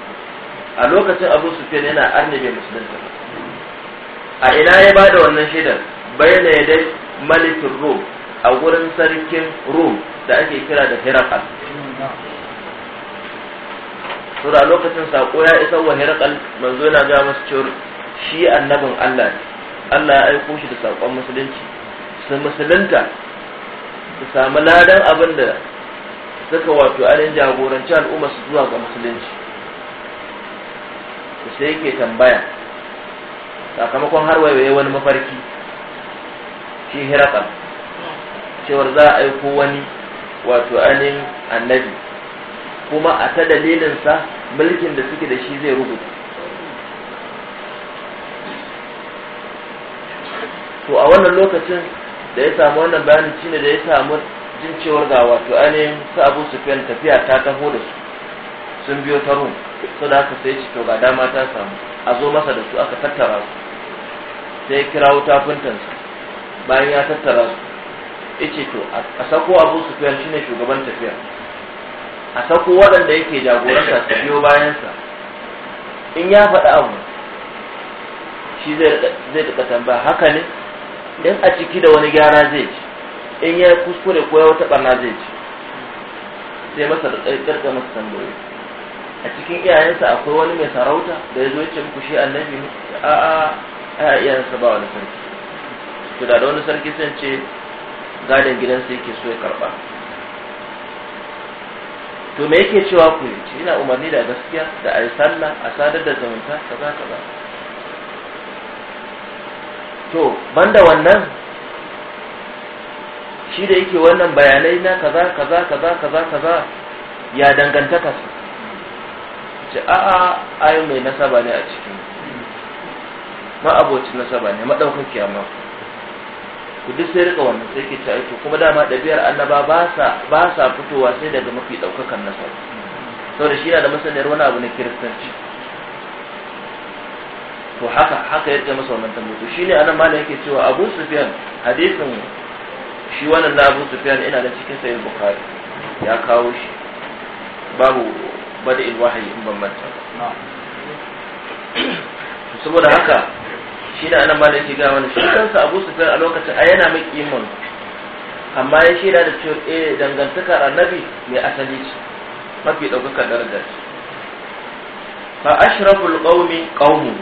a lokacin abu sufyan yana arnabe musulunta a ina ya ba da wannan shaidar bayyana ya dai malikin rom a wurin sarkin rom da ake kira da herakal sura lokacin sako ya isa wa herakal manzo yana ga masu cewar shi annabin allah ne Allah ya aiko shi da saƙon musulunci su musulunta su samu ladan abin da suka wato ainihin jagoranci al'umma su zuwa ga musulunci da sai yake tambaya sakamakon har waiwaye wani mafarki shi hiraka cewar za a aiko wani wato ainihin annabi kuma a ta dalilinsa mulkin da suke da shi zai rubuta to a wannan lokacin da ya samu wannan bayanin shine da ya samu jin cewar ga wato ainihin su abu sufiyan tafiya ta taho da su sun biyo ta rum su da aka sai to ga dama ta samu a zo masa da su aka tattara su sai kira wuta kuntansa bayan ya tattara su ce to a sako abu sufiyan shine shugaban tafiya a sako waɗanda yake jagoranta su biyo bayansa in ya faɗi abu shi zai zai tambaya haka ne in a ciki da wani gyara zai ci in ya kuskure ko ya wata barna zai ci sai masa da karka masa tambayoyi a cikin iyayensa akwai wani mai sarauta da ya zo ce muku shi annabi a a a iyayensa ba wani sarki to da wani sarki sun ce gadon gidansa yake so ya karba to me yake cewa ku yi ina umarni da gaskiya da a sallah a sadar da zamanta kaza kaza to banda wannan shi da yake wannan bayanai na kaza kaza kaza kaza kaza ya dangantaka su ce a'a ayo mai nasaba ne a cikin ma'abocin nasaba ne maɗaukakiya kiyama ku duk sai rika wannan sai ke ci aiki kuma dama ɗabi'ar annaba ba sa fitowa sai daga mafi ɗaukakan nasaba saboda shi yana da masaniyar wani abu na kiristanci to haka haka yadda masa wannan tambayoyi shine anan malam yake cewa Abu Sufyan hadisin shi wannan na Abu Sufyan ina da cikin sahih Bukhari ya kawo shi babu bada wahyi in ban manta saboda haka shine anan malam yake ga wannan shi kansa Abu Sufyan a lokacin a yana mai kiman amma ya shaida da cewa eh dangantakar annabi mai asali ce mafi ɗaukakar darajar ce fa ashraful qaumi qaumun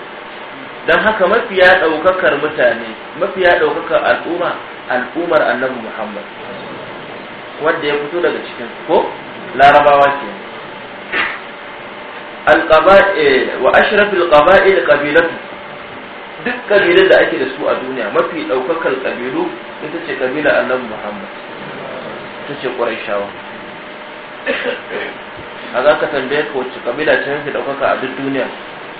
don haka mafiya ɗaukakar mutane mafiya ɗaukakar al'umma al'ummar annabi muhammad wanda ya fito daga cikin ko larabawa ke eh, wa ashrafil qaba'il qabilatu duk kabilar da ake da su a duniya mafi ɗaukakar kabilu ita ce kabila annabi muhammad ita ce qurayshawa a za ka tambaye ka wacce kabila ta yanke ɗaukaka a duk duniya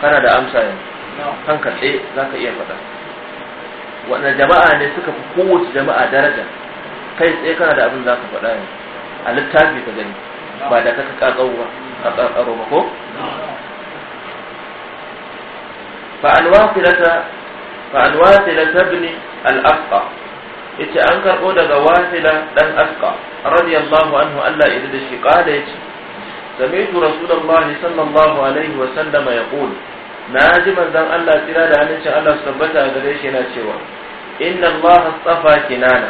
kana da amsa yanzu kanka ɗaya za ka iya faɗa wannan jama'a ne suka fi kowace jama'a daraja kai tsaye kana da abin za ka faɗa ne a littafi ka gani ba da ka kakau ba a kakaro ba ko fa'an wasila tabni al'afqa yace an karɓo daga wasila ɗan asqa radiyallahu anhu Allah ya da shi ƙada yace sami'tu rasulullahi sallallahu alaihi wa sallama yaqulu na ji manzon Allah tsira da halincin Allah su tabbata a gare shi yana cewa inna Allah astafa kinana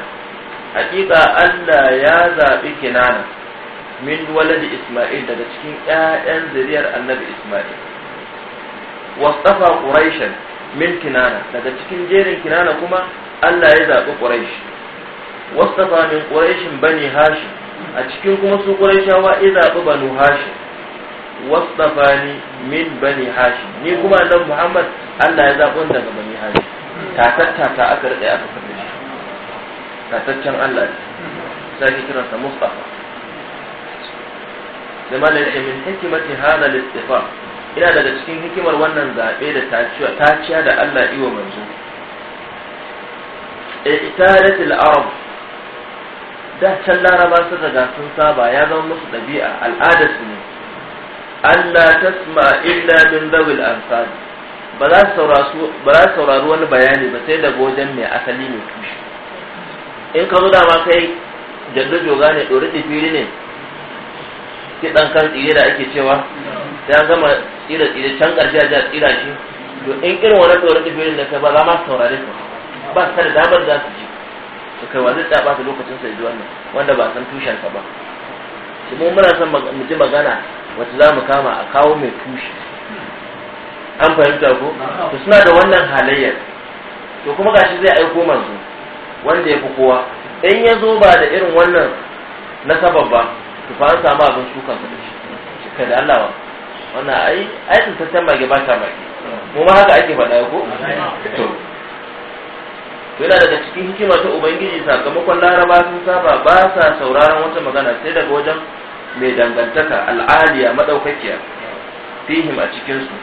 hakika Allah ya zabi kinana min waladi Isma'il daga cikin ƴaƴan zuriyar Annabi Isma'il wastafa quraishan min kinana daga cikin jerin kinana kuma Allah ya zabi quraish wastafa min quraishin bani hashim a cikin kuma su quraishawa ya zabi banu hashim wasafani min bani hashim ni kuma nan muhammad allah ya zaɓi daga bani hashim tatattata aka rike aka kafa shi tataccen allah ne sai kiransa mustafa da ya yake min hikimati hada al ina daga cikin hikimar wannan zaɓe da taciya taciya da allah iwa manzo itadat al-arab da can laraba sun riga sun saba ya zama musu ɗabi'a Al'adarsu ne Allah tasma illa min dawil amsal ba za su saurari wani bayani ba sai daga wajen mai asali mai tushe in ka zo dama kai jaddo joga ne ɗori fili ne kiɗan kan tsire da ake cewa ya gama tsire tsire can karshe a tsira shi to in irin wani da fili da kai ba za ma saurare ka ba su da damar za su ji to kai wa zai ta lokacin sai ji wannan wanda ba san tushensa ba mu muna son mu ji magana wata za mu kama a kawo mai tushe an fahimta ko to suna da wannan halayyar to kuma gashi zai aiko manzo wanda ya fi kowa in ya zo ba da irin wannan na sabab ba to fa an samu abin shuka ka da shi da Allah wannan ai ai tsantan mage ba ta mage mu ma haka ake faɗa ko to yana daga cikin hikima ta ubangiji sakamakon laraba sun saba ba sa sauraron wata magana sai daga wajen mai dangantaka al'aliya madaukakiya fihim a cikin su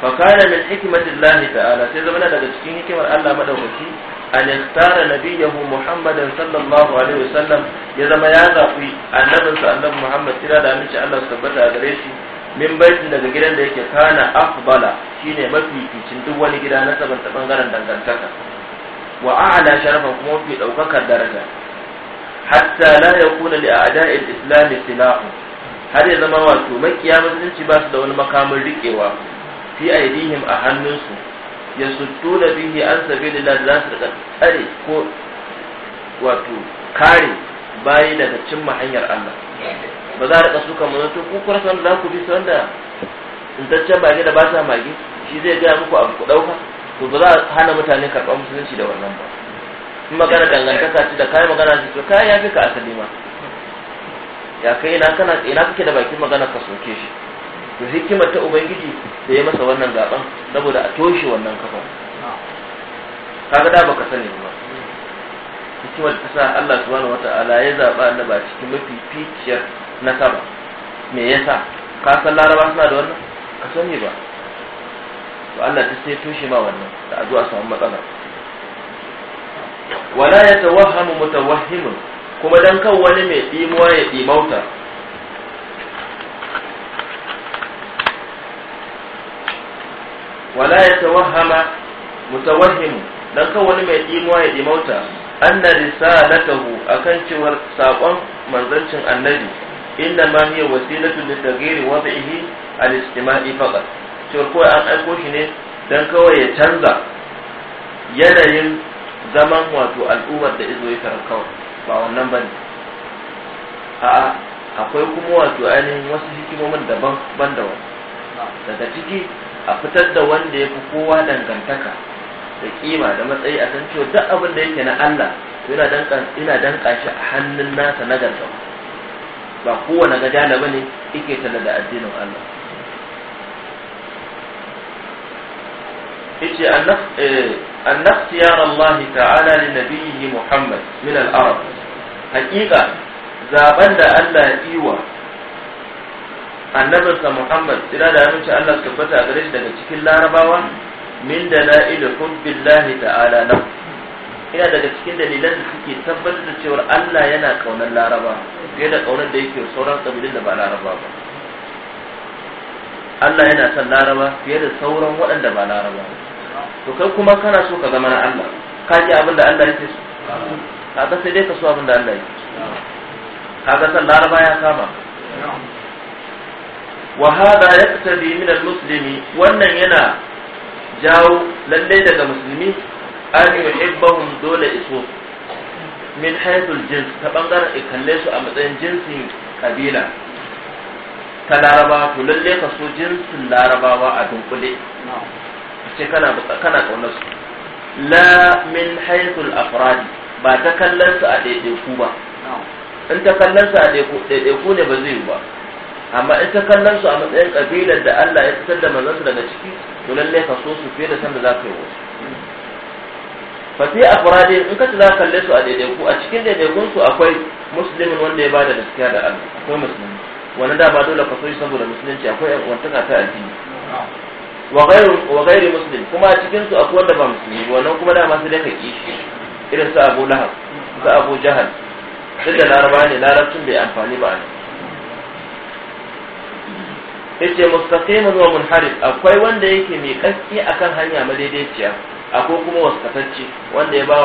fa kana min ta'ala sai zama daga cikin hikimar Allah madaukaki an yastara nabiyahu muhammadan sallallahu alaihi wasallam ya zama ya zafi sa annabi muhammad tira da aminci Allah su tabbata a gare shi min baitin daga gidan da yake kana afdala shine mafi ficin duk wani gida na saban ta bangaren dangantaka wa a'la sharafan kuma mafi daukakar daraja hatta la yakuna li a'da'i al-islam silahu har ya zama wato makiya musulunci ba su da wani makamin riƙewa fi aidihim a hannunsu ya suttu da bihi an sabi da za su da tsare ko kare bayi daga cimma hanyar Allah ba za a rika suka mu zato ku san za ku bi san da intaccen mage da ba sa mage shi zai gaya muku abu ku ɗauka to ba za a hana mutane karɓar musulunci da wannan ba magana dangantaka ce da kai magana ce to kai ya fi ka asali ma ya kai ina kana ina kake da bakin magana ka soke shi to hikimar ta ubangiji da ya masa wannan gaban saboda a toshe wannan kafa kaga da baka sani ba hikimar ta sa Allah subhanahu wata'ala ya zaba annaba cikin mafi ficiyar nasaba me yasa ka san laraba suna da wannan ka sani ba to Allah ta sai toshe ma wannan da a zo a samu matsala wala ya tawahamu mutawahhimun kuma dan kan wani mai dimuwa ya dimauta wala ya tawahama mutawahhimun dan kan wani mai dimuwa ya dimauta anna risalatahu akan cewar sakon manzancin annabi inna ma hiya wasilatu li taghyir wad'ihi al-istima'i faqat cewar ko an aiko shi ne dan kawai ya canza yanayin zaman wato al'ummar da izo ya karan ba wannan bane a akwai kuma wato ainihin wasu hikimomin daban ban da daga ciki a fitar da wanda ya fi kowa dangantaka da kima da matsayi a san duk abin da yake na Allah yana danka yana danka shi a hannun nasa na gaba ba kowane da bane yake tana da addinin Allah yace annaf tiyar eh, Allah ta'ala li nabiyyi Muhammad min al-arab hakika zaben da Allah ya iwa annabinsa Muhammad tsira da aminci Allah suka fata gare shi daga cikin larabawa min dalail hubbillahi ta'ala lahu ina daga cikin dalilan da suke tabbatar da cewa Allah yana kaunar laraba fiye da kaunar da yake sauran kabilun da ba laraba ba Allah yana son laraba fiye da sauran waɗanda ba laraba to kai kuma kana so ka zama na Allah ka ki abin da Allah yake so kaga sai dai ka so abin da Allah yake kaga san laraba ya kama wa hada yaktabi min musulmi wannan yana jawo lalle daga musulmi an yuhibbahum dole iso min haythul jins ta bangaren ikalle su a matsayin jinsin kabila ta laraba to lalle ka so jinsin ba a dunkule ce kana kana kaunar su la min haythul afrad ba ta kallon su a ku ba in ta kallon su a ku ne ba zai yi ba amma in ta kallon su a matsayin kabilar da Allah ya fitar da manzansu daga ciki to lalle ka so su fiye da sanda za ka yi wasu fa fi afrad in ka ci za ka kalle su a ku a cikin daidai su akwai muslimin wanda ya bada gaskiya da Allah akwai muslimin wannan da ba dole ka so shi saboda musulunci akwai yan uwantaka ta addini wa gairi muslim kuma cikin su akwai wanda ba musulmi ba wannan kuma dama masu dai ka ki irin su Abu Lahab su Abu Jahal duk da laraba ne larabcin bai amfani ba ne yace mustaqimun wa munharif akwai wanda yake mai kaske akan hanya madaidaiciya akwai kuma waskatacce wanda ya ba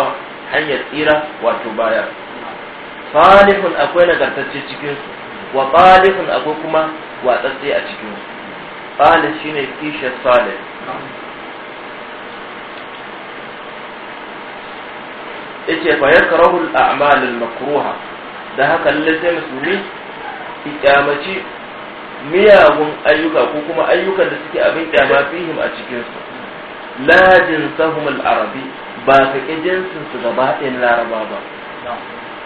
hanyar tsira wato baya salihun akwai nagartacce cikin su wa ɓalihun akwai kuma watsatse a cikin su ɓalih shi ne kishiyar salih yace fa yakrahu al-a'mal al-makruha da haka lalle sai musulmi kiyamaci miyagun ayyuka ko kuma ayyukan da suke abin kyama fihim a cikin su la jinsahum al-arabi ba ka ki jinsin su gaba ɗayan laraba ba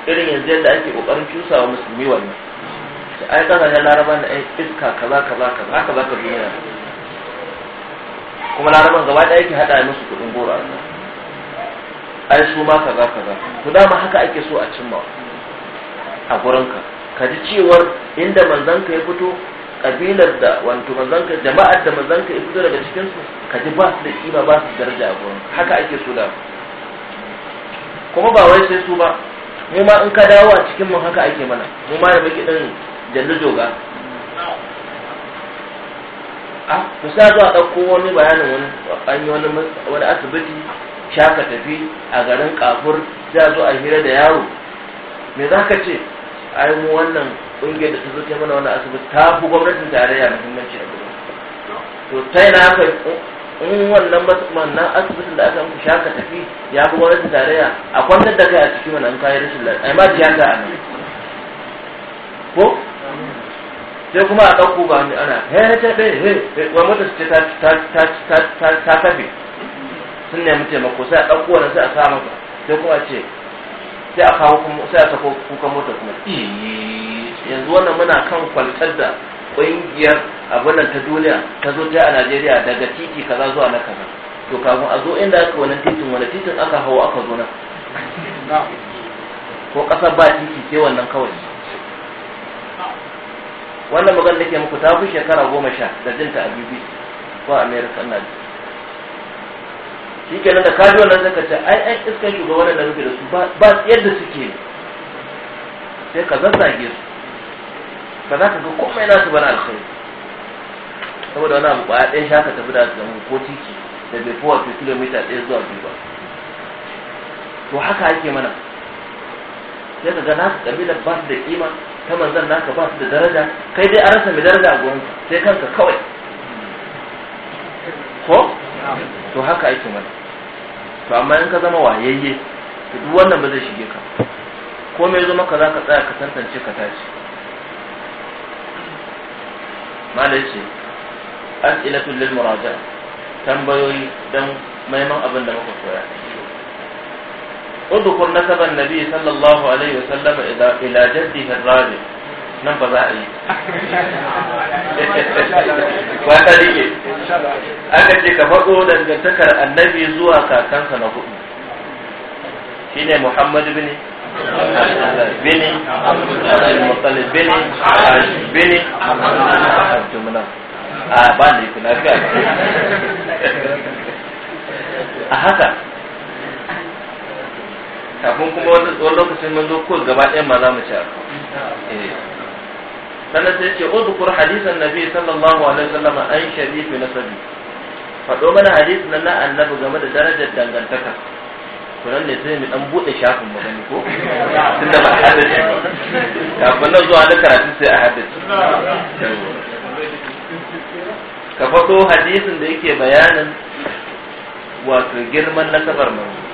irin yanzu yadda ake kokarin wa musulmi wannan ai kasashen laraban da ai iska kaza kaza kaza haka za ka duniya kuma laraban gaba ɗaya yake hada musu kuɗin goro a ai su ma kaza kaza to dama haka ake so a cimma a gurinka ka ji cewar inda manzanka ya fito kabilar da wato manzanka jama'ar da manzanka ya fito daga cikin su ka ji ba su da kima ba su daraja a gurinka haka ake so da kuma ba wai sai su ba mu ma in ka dawo a cikin mu haka ake mana mu ma da muke din jallu joga ah, a ku sa zuwa ɗauko wani bayanin wani an wani wani asibiti shaka tafi a garin kafur za zo a hira da yaro me za ka ce ai mu wannan ƙungiyar da ta zo ta mana wani asibiti ta fi gwamnatin tarayya muhimmanci da gudu to ta yana haka in wannan wannan asibitin da aka muku shaka tafi ya fi gwamnatin tarayya a kwantar da kai a cikin wannan kayan rashin lafiya ai ma ta a nan ko sai kuma a ɗauko ba ni ana he ta ɗaya he wai mota ce ta ta kafe sun nemi taimako sai a ɗauko wani sai a sa maka sai kuma ce sai a kawo kuma sai a sako kukan mota kuma yanzu wannan muna kan kwalitar da ƙungiyar abin ta duniya ta zo ta a najeriya daga titi kaza zuwa na kaza to kafin a zo inda aka wani titin wani titin aka hawa aka zo na ko ƙasar ba titi ke wannan kawai wannan magana da ke muku ta fi shekara goma sha da jinta a bibi ko a mayar sannan shi kenan da kaji wannan zaka ce ai ai iskan shugaban da muke da su ba yadda suke sai ka zazzage su ba za ka ga komai nasu bana alkhairi saboda wani abu ba ɗaya ka tafi da su ko titi da bai fi wato kilomita ɗaya zuwa biyu ba to haka ake mana sai ka ga ka ƙabilar ba su da kima ta manzan naka ba su da daraja kai dai a rasa mai daraja a gurin sai kanka kawai ko to haka ake mana to amma in ka zama wayayye to duk wannan ba zai shige ka ko me zama ka za ka tsaya ka tantance ka tashi malai ce as'ilatul lil muraja tambayoyi dan maiman abin da muka koya udukur nasaban nabi sallallahu alaihi wasallam ila jaddihi rabi nan ba za a yi ba ta rike aka ce ka faɗo dangantakar annabi zuwa kakansa na hudu shine muhammad bin bin abdul bin hashim bin jumla a ba ne kuna a haka kafin kuma tsawon lokacin mun zo kurs gaba ɗaya ma za mu ci eh. sannan sai ce udkur hadisan nabi sallallahu alaihi wasallam an na sabi faɗo mana hadisin na annabi game da darajar dangantaka to ne sai mu dan bude shafin magani ko tun da ba a shi ba kafin nan zuwa na karatu sai a shi ka faɗo hadisin da yake bayanin wato girman nasabar mamu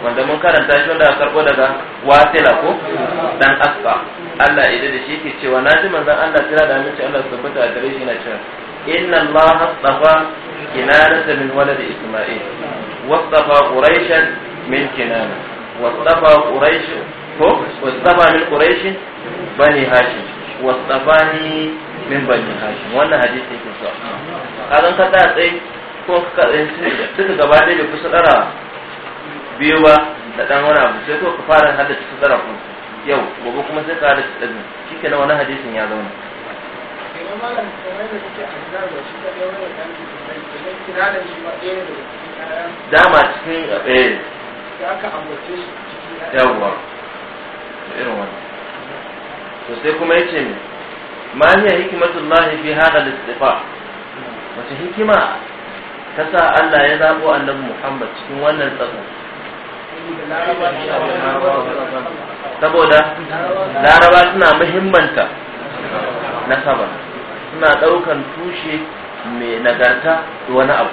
wanda mun karanta shi wanda karbo daga wasila ko dan asfa Allah ya da shi ke cewa na ji manzon Allah kira da aminci Allah su tabbata a gare shi na cewa inna Allah astafa kinanata min walad isma'il wastafa quraishan min kinana wastafa quraish ko wastafa min quraish bani hashim ni min bani hashim wannan hadisi yake so kaga ka tsaya tsaye ko ka tsaya duka gaba ɗaya bai kusa ɗara biyu ba da dan wani abu sai ko ka fara hada cikin zarafin yau gobe kuma sai ka hada cikin azumi shike na wani hadisin ya zauna dama cikin eh. shi yawwa irin wani to sai kuma yace me ma hiya hikmatullahi fi hada al-istifa wace hikima ta sa Allah ya zabo annabi Muhammad cikin wannan tsakon saboda laraba suna muhimmanta sama, suna ɗaukan tushe mai nagarta da wani abu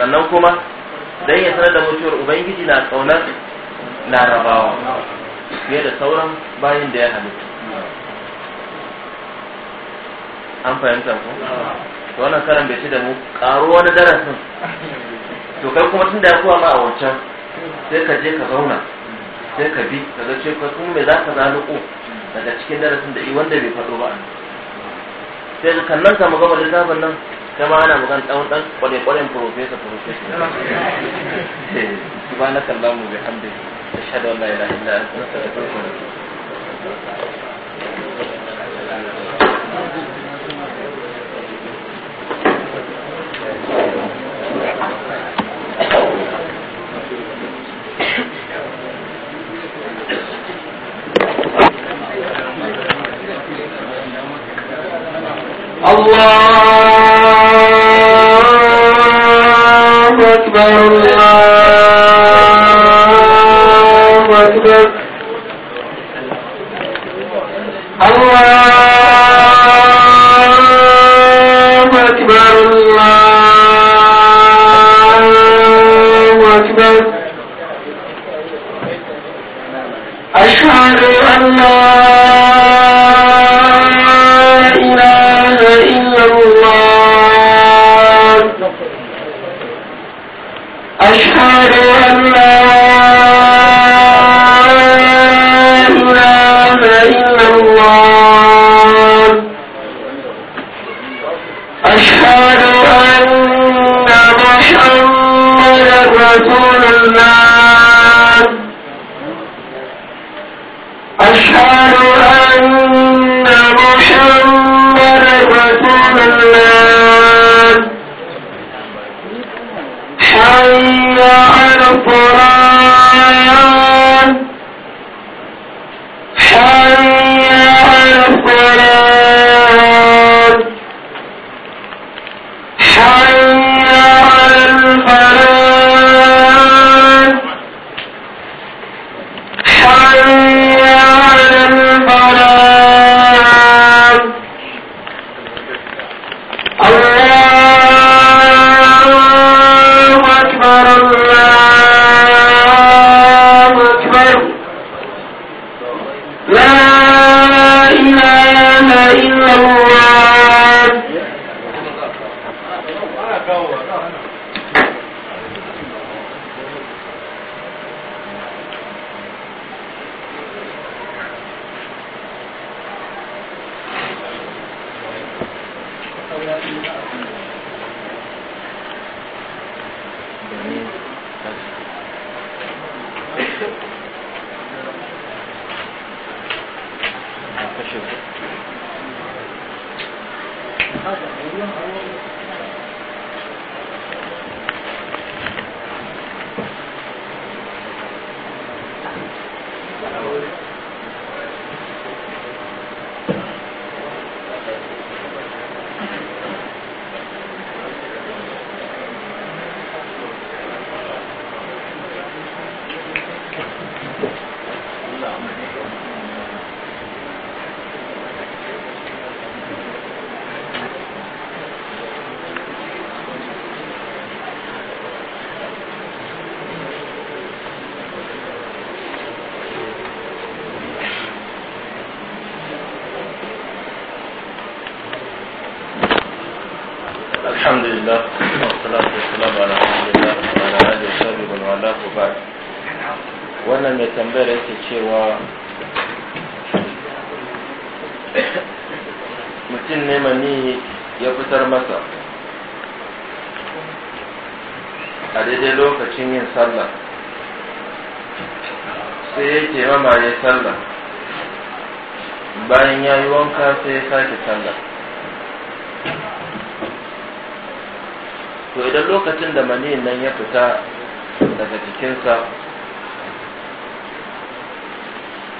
sannan kuma don ya sanar da mutuwar ubangiji na tsaunar larabawa fiye da sauran bayan da ya halitta an fahimta ko to wannan karan bai ce da mu ƙaro wani darasin to kai kuma tun da ya kuwa ma a wancan sai ka je ka zauna sai ka bi ka ga ce kuma me za ka zaluko daga cikin darasin da wanda bai faɗo ba sai ka kallon ka magaba da zafin nan ta ma ana magan ɗan ɗan ƙwareƙwaren profesa profesa su ba na kallon mu bai hamdi ashhadu an la ilaha illa anta da wa الله أكبر الله الحمد لله wannan mai tambayar yake cewa mutum ne mani ya fitar masa a daidai lokacin yin sallah sai yake ya sallah bayan ya yi wanka sai ya sake sallah to idan lokacin da maniyin nan ya fita daga jikinsa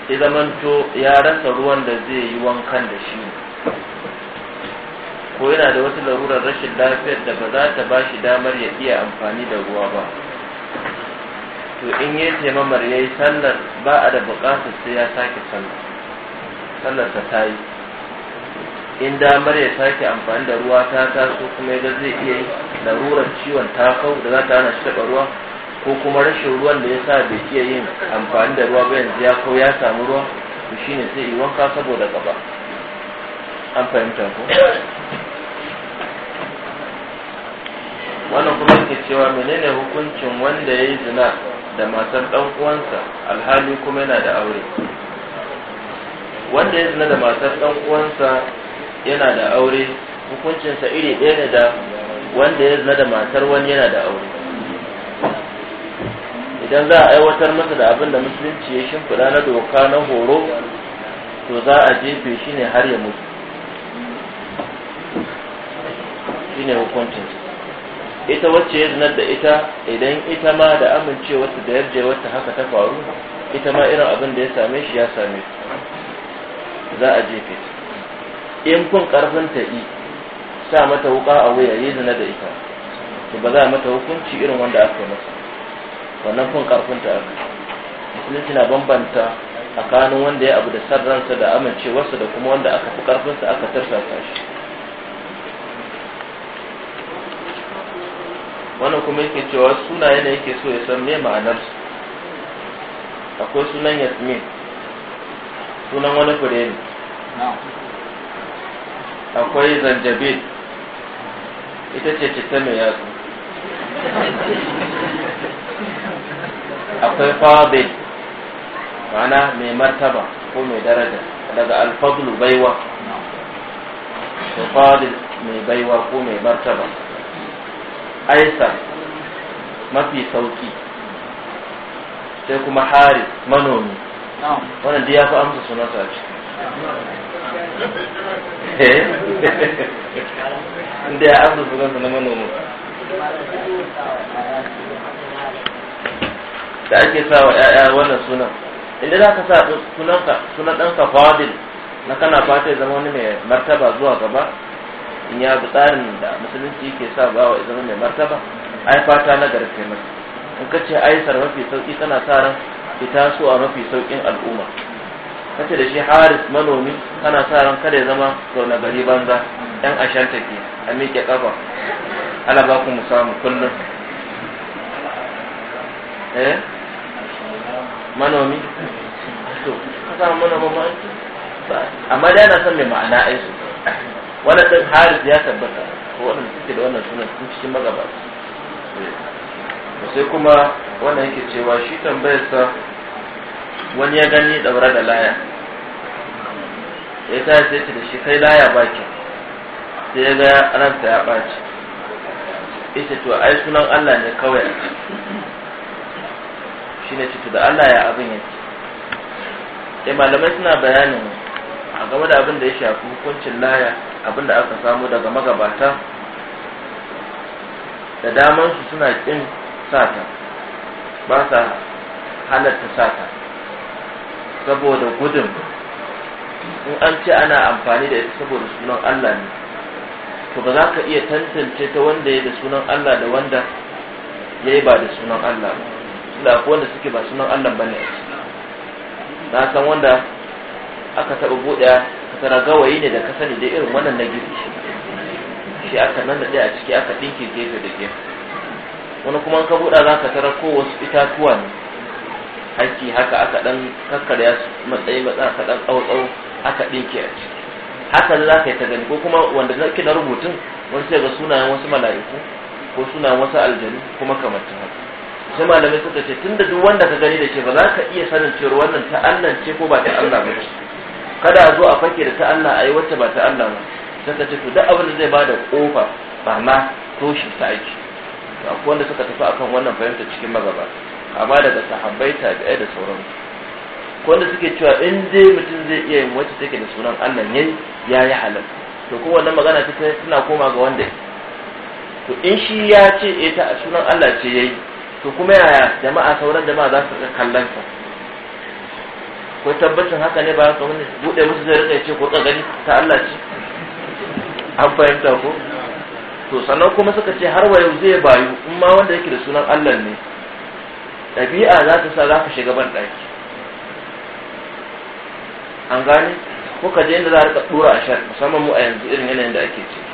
ya zamanto ya rasa ruwan da zai yi wankan da shi ko yana da wata larurar rashin lafiyar da ba za ta ba shi damar ya iya amfani da ruwa ba to in yi taimamar ya yi sallar ba a da bukatar sai ya sake sallar sallar ta yi in damar ya sake amfani da ruwa ta taso kuma ya zai iya yi larurar ciwon takau da za ta hana shi taɓa ruwa ko kuma rashin ruwan da ya sa bai iya yin amfani da ruwa ba yanzu ya kau ya samu ruwa to shine sai yi wanka saboda gaba an fahimta ko wannan kuma yake cewa menene hukuncin wanda ya yi zina da matar ɗan uwansa alhali kuma yana da aure wanda ya zina da matar ɗan uwansa yana da aure hukuncinsa iri ɗaya ne da wanda ya zina da matar wani yana da aure idan za a aiwatar masa da abin da musulunci ya shimfiɗa na doka na horo to za a jefe shi ne har ya mutu shi ne hukuncinsa ita wacce ya zinar da ita idan ita ma da amincewarta da yarjewarta haka ta faru ita ma irin abin da ya same shi ya same za a jefe ta in kun karfin ta yi sa mata wuka a waya yi zina da ita to ba za a mata hukunci irin wanda aka yi masa wannan kun karfin ta aka musulunci na bambanta tsakanin wanda ya abu da san ransa da amincewarsa da kuma wanda aka fi sa aka tarsasa shi wannan kuma yake cewa sunaye ne yake so ya san me su, akwai sunan yasmin sunan wani fure ne akwai zanjabil ita ce citta mai yatsu akwai fadil ma'ana mai martaba ko mai daraja daga alfadlu baiwa fadil mai baiwa ko mai martaba aisa mafi sauki sai kuma hari manomi wannan da ya fi amsa sunansa a Eh? *laughs* inda ya an na da ake sa wa 'ya'ya wannan sunan inda za ka sa sunan ɗanka fadil na kana fata zama wani mai martaba zuwa gaba in ya bi tsarin da musulunci ke sa ba wa zama mai martaba ai fata na garfe mai in ka ce ai mafi sauki tana sa ran fita su a mafi saukin al'umma kace da shi haris manomi kana sa ran kada ya zama zauna gari banza dan ashanta ke a miƙe kafa ala ba ku musamu samu kullum eh manomi to ka samu manoma ba amma da yana son mai ma'ana ai su wannan din haris ya tabbata ko wannan suke da wannan sunan sun cikin magabata eh, sai kuma wannan yake cewa shi tambayar sa wani ya gani daura da laya ya ta sai da shi kai laya baki sai ya ga ranta ya ɓaci ita to ai sunan Allah ne kawai shi ne ciki da Allah ya abin ya ce sai eh, malamai suna bayanin a game da abin da ya shafi hukuncin laya abin da aka samu daga magabata da damansu suna ƙin sata ba sa halatta sata saboda gudun in an ce ana amfani da ita saboda sunan Allah ne to ba za ka iya tantance ta wanda ya da sunan Allah da wanda ya yi ba da sunan Allah da wanda suke ba sunan Allah ba ne na san wanda aka taɓa buɗe ka tara gawayi ne da ka sani da irin wannan na gizi shi aka nan da ɗaya a ciki aka ɗinke gefe da gefe wani kuma ka buɗa za ka tara ko wasu itatuwa ne hanci haka aka dan kakkarya su matsayi matsa aka dan tsawo aka dinke a ciki haka za ka yi ta gani ko kuma wanda zaki na rubutun wani sai ga sunayen wasu mala'iku ko sunayen wasu aljanu kuma kamar ta haka sai malamai suka ce tunda duk wanda ka gani da shi ba za ka iya sanin cewa wannan ta Allah ce ko ba ta Allah ba kada a zo a fake da ta Allah a yi wacce ba ta Allah ba suka ce to duk abin da zai da kofa ba ma Toshi ta aiki akwai wanda suka tafi akan wannan fahimta cikin magabata amma daga sahabbai tabi'ai da sauran ko wanda suke cewa in dai mutum zai iya yin wacce take da sunan Allah ne ya yi halal to ko wannan magana ta tana koma ga wanda to in shi ya ce eh ta sunan Allah ce yayi to kuma yaya jama'a sauran jama'a za su kallon sa ko tabbacin haka ne ba ka wani bude musu zai rika ce ko ka gani ta Allah ce an fahimta ko to sannan kuma suka ce har wa yau zai bayu in ma wanda yake da sunan Allah ne ɗabi'a za ta sa za ka shiga ban ɗaki an gane ka je inda za a rika ɗora a shar musamman mu a yanzu irin yanayin da ake ciki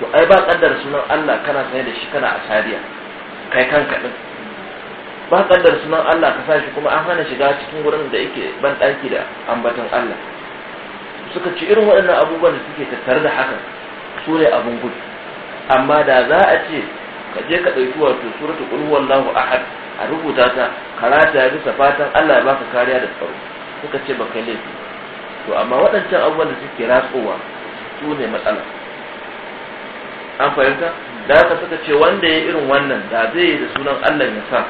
to ai ba kaddar sunan Allah kana sanye da shi kana a sariya kai kanka ɗin ba kaddar sunan Allah ka sashi kuma an hana shiga cikin gurin da yake ban ɗaki da ambaton Allah suka ci irin waɗannan abubuwan da suke tattare da haka su ne abin gudu amma da za a ce ka je ka ɗauki wato suratul qul huwallahu ahad a rubuta ta karata ya bisa fatan Allah ya baka kariya da tsaro suka ce baka laifi to amma waɗancan abubuwan da suke ratsowa su ne matsala an fahimta da haka suka ce wanda ya irin wannan da zai yi da sunan Allah ya sa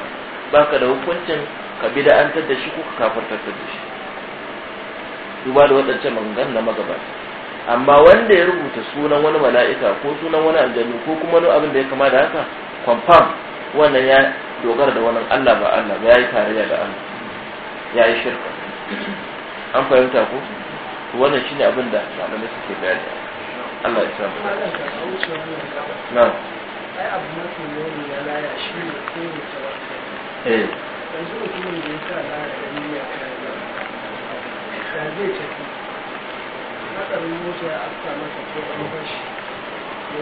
baka da hukuncin ka bida'antar da shi ko ka kafartar da shi duba da waɗancan maganganun na magabata amma wanda ya rubuta sunan wani mala'ika ko sunan wani aljanu ko kuma wani abin da ya kama da haka kwamfam wannan ya dogara da wannan Allah ba Allah ba yayi tarayya da Allah yayi shirka an fahimta ko wannan shine abin da malamai suke bayani Allah ya samu na ai abu zai ya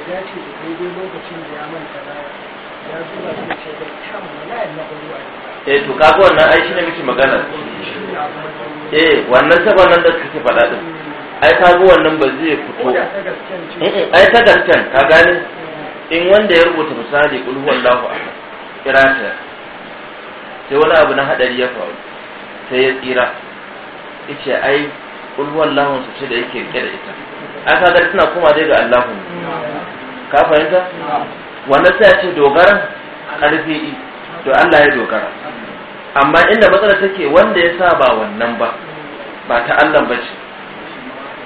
da lokacin da ya manta eh to kaga wannan ai ne miki magana eh wannan ta wannan da kake faɗa din ai kaga wannan ba zai fito ai ta gaskan ka gane in wanda ya rubuta misali kul huwallahu ahad kira sai wani abu na hadari ya faru sai ya tsira yace ai kul huwallahu su da yake rike da ita ai kaga tana kuma dai ga Allahu ka fahimta wannan sai a ce dogara ƙarfi to Allah ya dogara amma inda matsala take wanda ya sa ba wannan ba ba ta Allah ba ce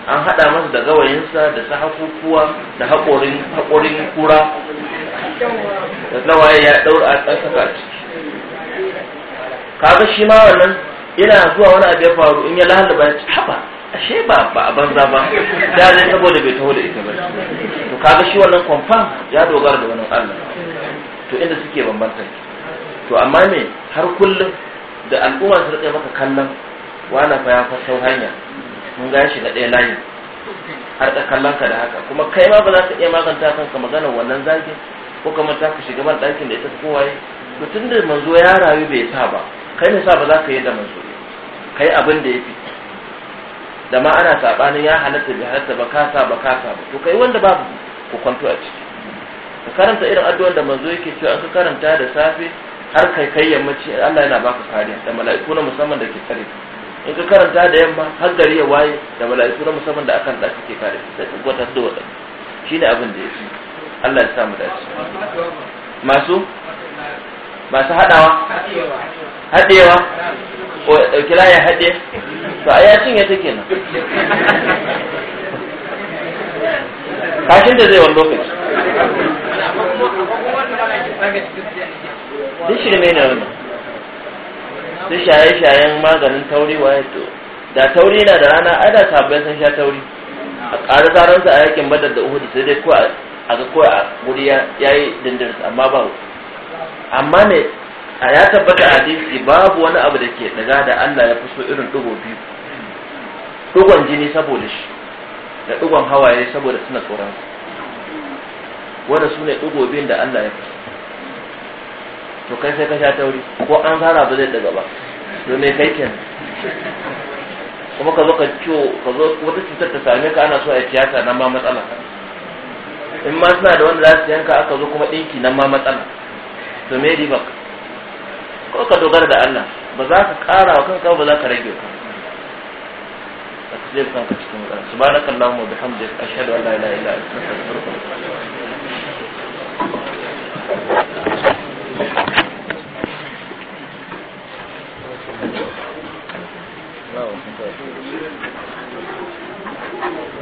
an haɗa masa da gawayinsa da hakukuwa da haƙorin haƙorin kura da tsawaye ya ɗaura a saka ciki kaga shi ma wannan ina zuwa wani abu ya faru in ya lalaba ya ci haba ashe ba ba a banza ba da zai saboda bai taho da ita ba to kaga shi wannan kwamfan ya dogara da wani Allah to inda suke bambanta to amma me har kullum da al'umma su rike maka kallon wala fa ya fasau hanya mun ga shi na ɗaya layi har da kallon ka da haka kuma kai ma ba za ka iya maganta kanka magana wannan zagin ko kamar ta ka shiga ban ɗakin da ita kowaye to tunda manzo ya rayu bai sa ba kai ne sa ba za ka yi da manzo kai abin da ya fi da ma ana sabanin ya halatta bi halatta ba kasa ba kasa ba to kai wanda babu ku kwanto a ciki ka karanta irin addu'ar da manzo yake cewa an ka karanta da safe har kai kai yammaci Allah yana baka kariya da mala'iku na musamman da ke kare in ka karanta da yamma har gari ya waye da mala'iku na musamman da akan da ke kare sai ka gwata da wadan shine abin da yake Allah ya sa mu dace masu masu hadawa hadewa ko ya ɗauki ya haɗe to a ya take nan kenan kashin da zai wani lokaci duk shirme ne wannan duk shaye-shayen maganin tauri ya to da tauri na da rana ai da sabbai sun sha tauri a ƙara zaransa a yakin badar da uhudu sai dai ko a ga ko a guri ya yi dindirin amma ba amma ne a ya tabbata a hadisi babu wani abu da ke daga da Allah ya fi so irin dugo biyu dugon jini saboda shi da dugon hawaye saboda suna tsoron wanda su ne dugo biyun da Allah ya fi to kai sai ka sha tauri ko an zara ba zai daga ba to me kai kenan kuma ka zo ka ciwo ka zo wata cutar ta same ka ana so a tiyata nan ma matsala in ma suna da wanda za su yanka aka zo kuma ɗinki nan ma matsala to me riba ko ka dogara da Allah ba za ka kara wa kanka ba za ka rage kanka ka tsaye kanka cikin matsala subhanakallahumma bihamdika ashhadu an la ilaha illa anta astaghfiruka wa atubu ilaik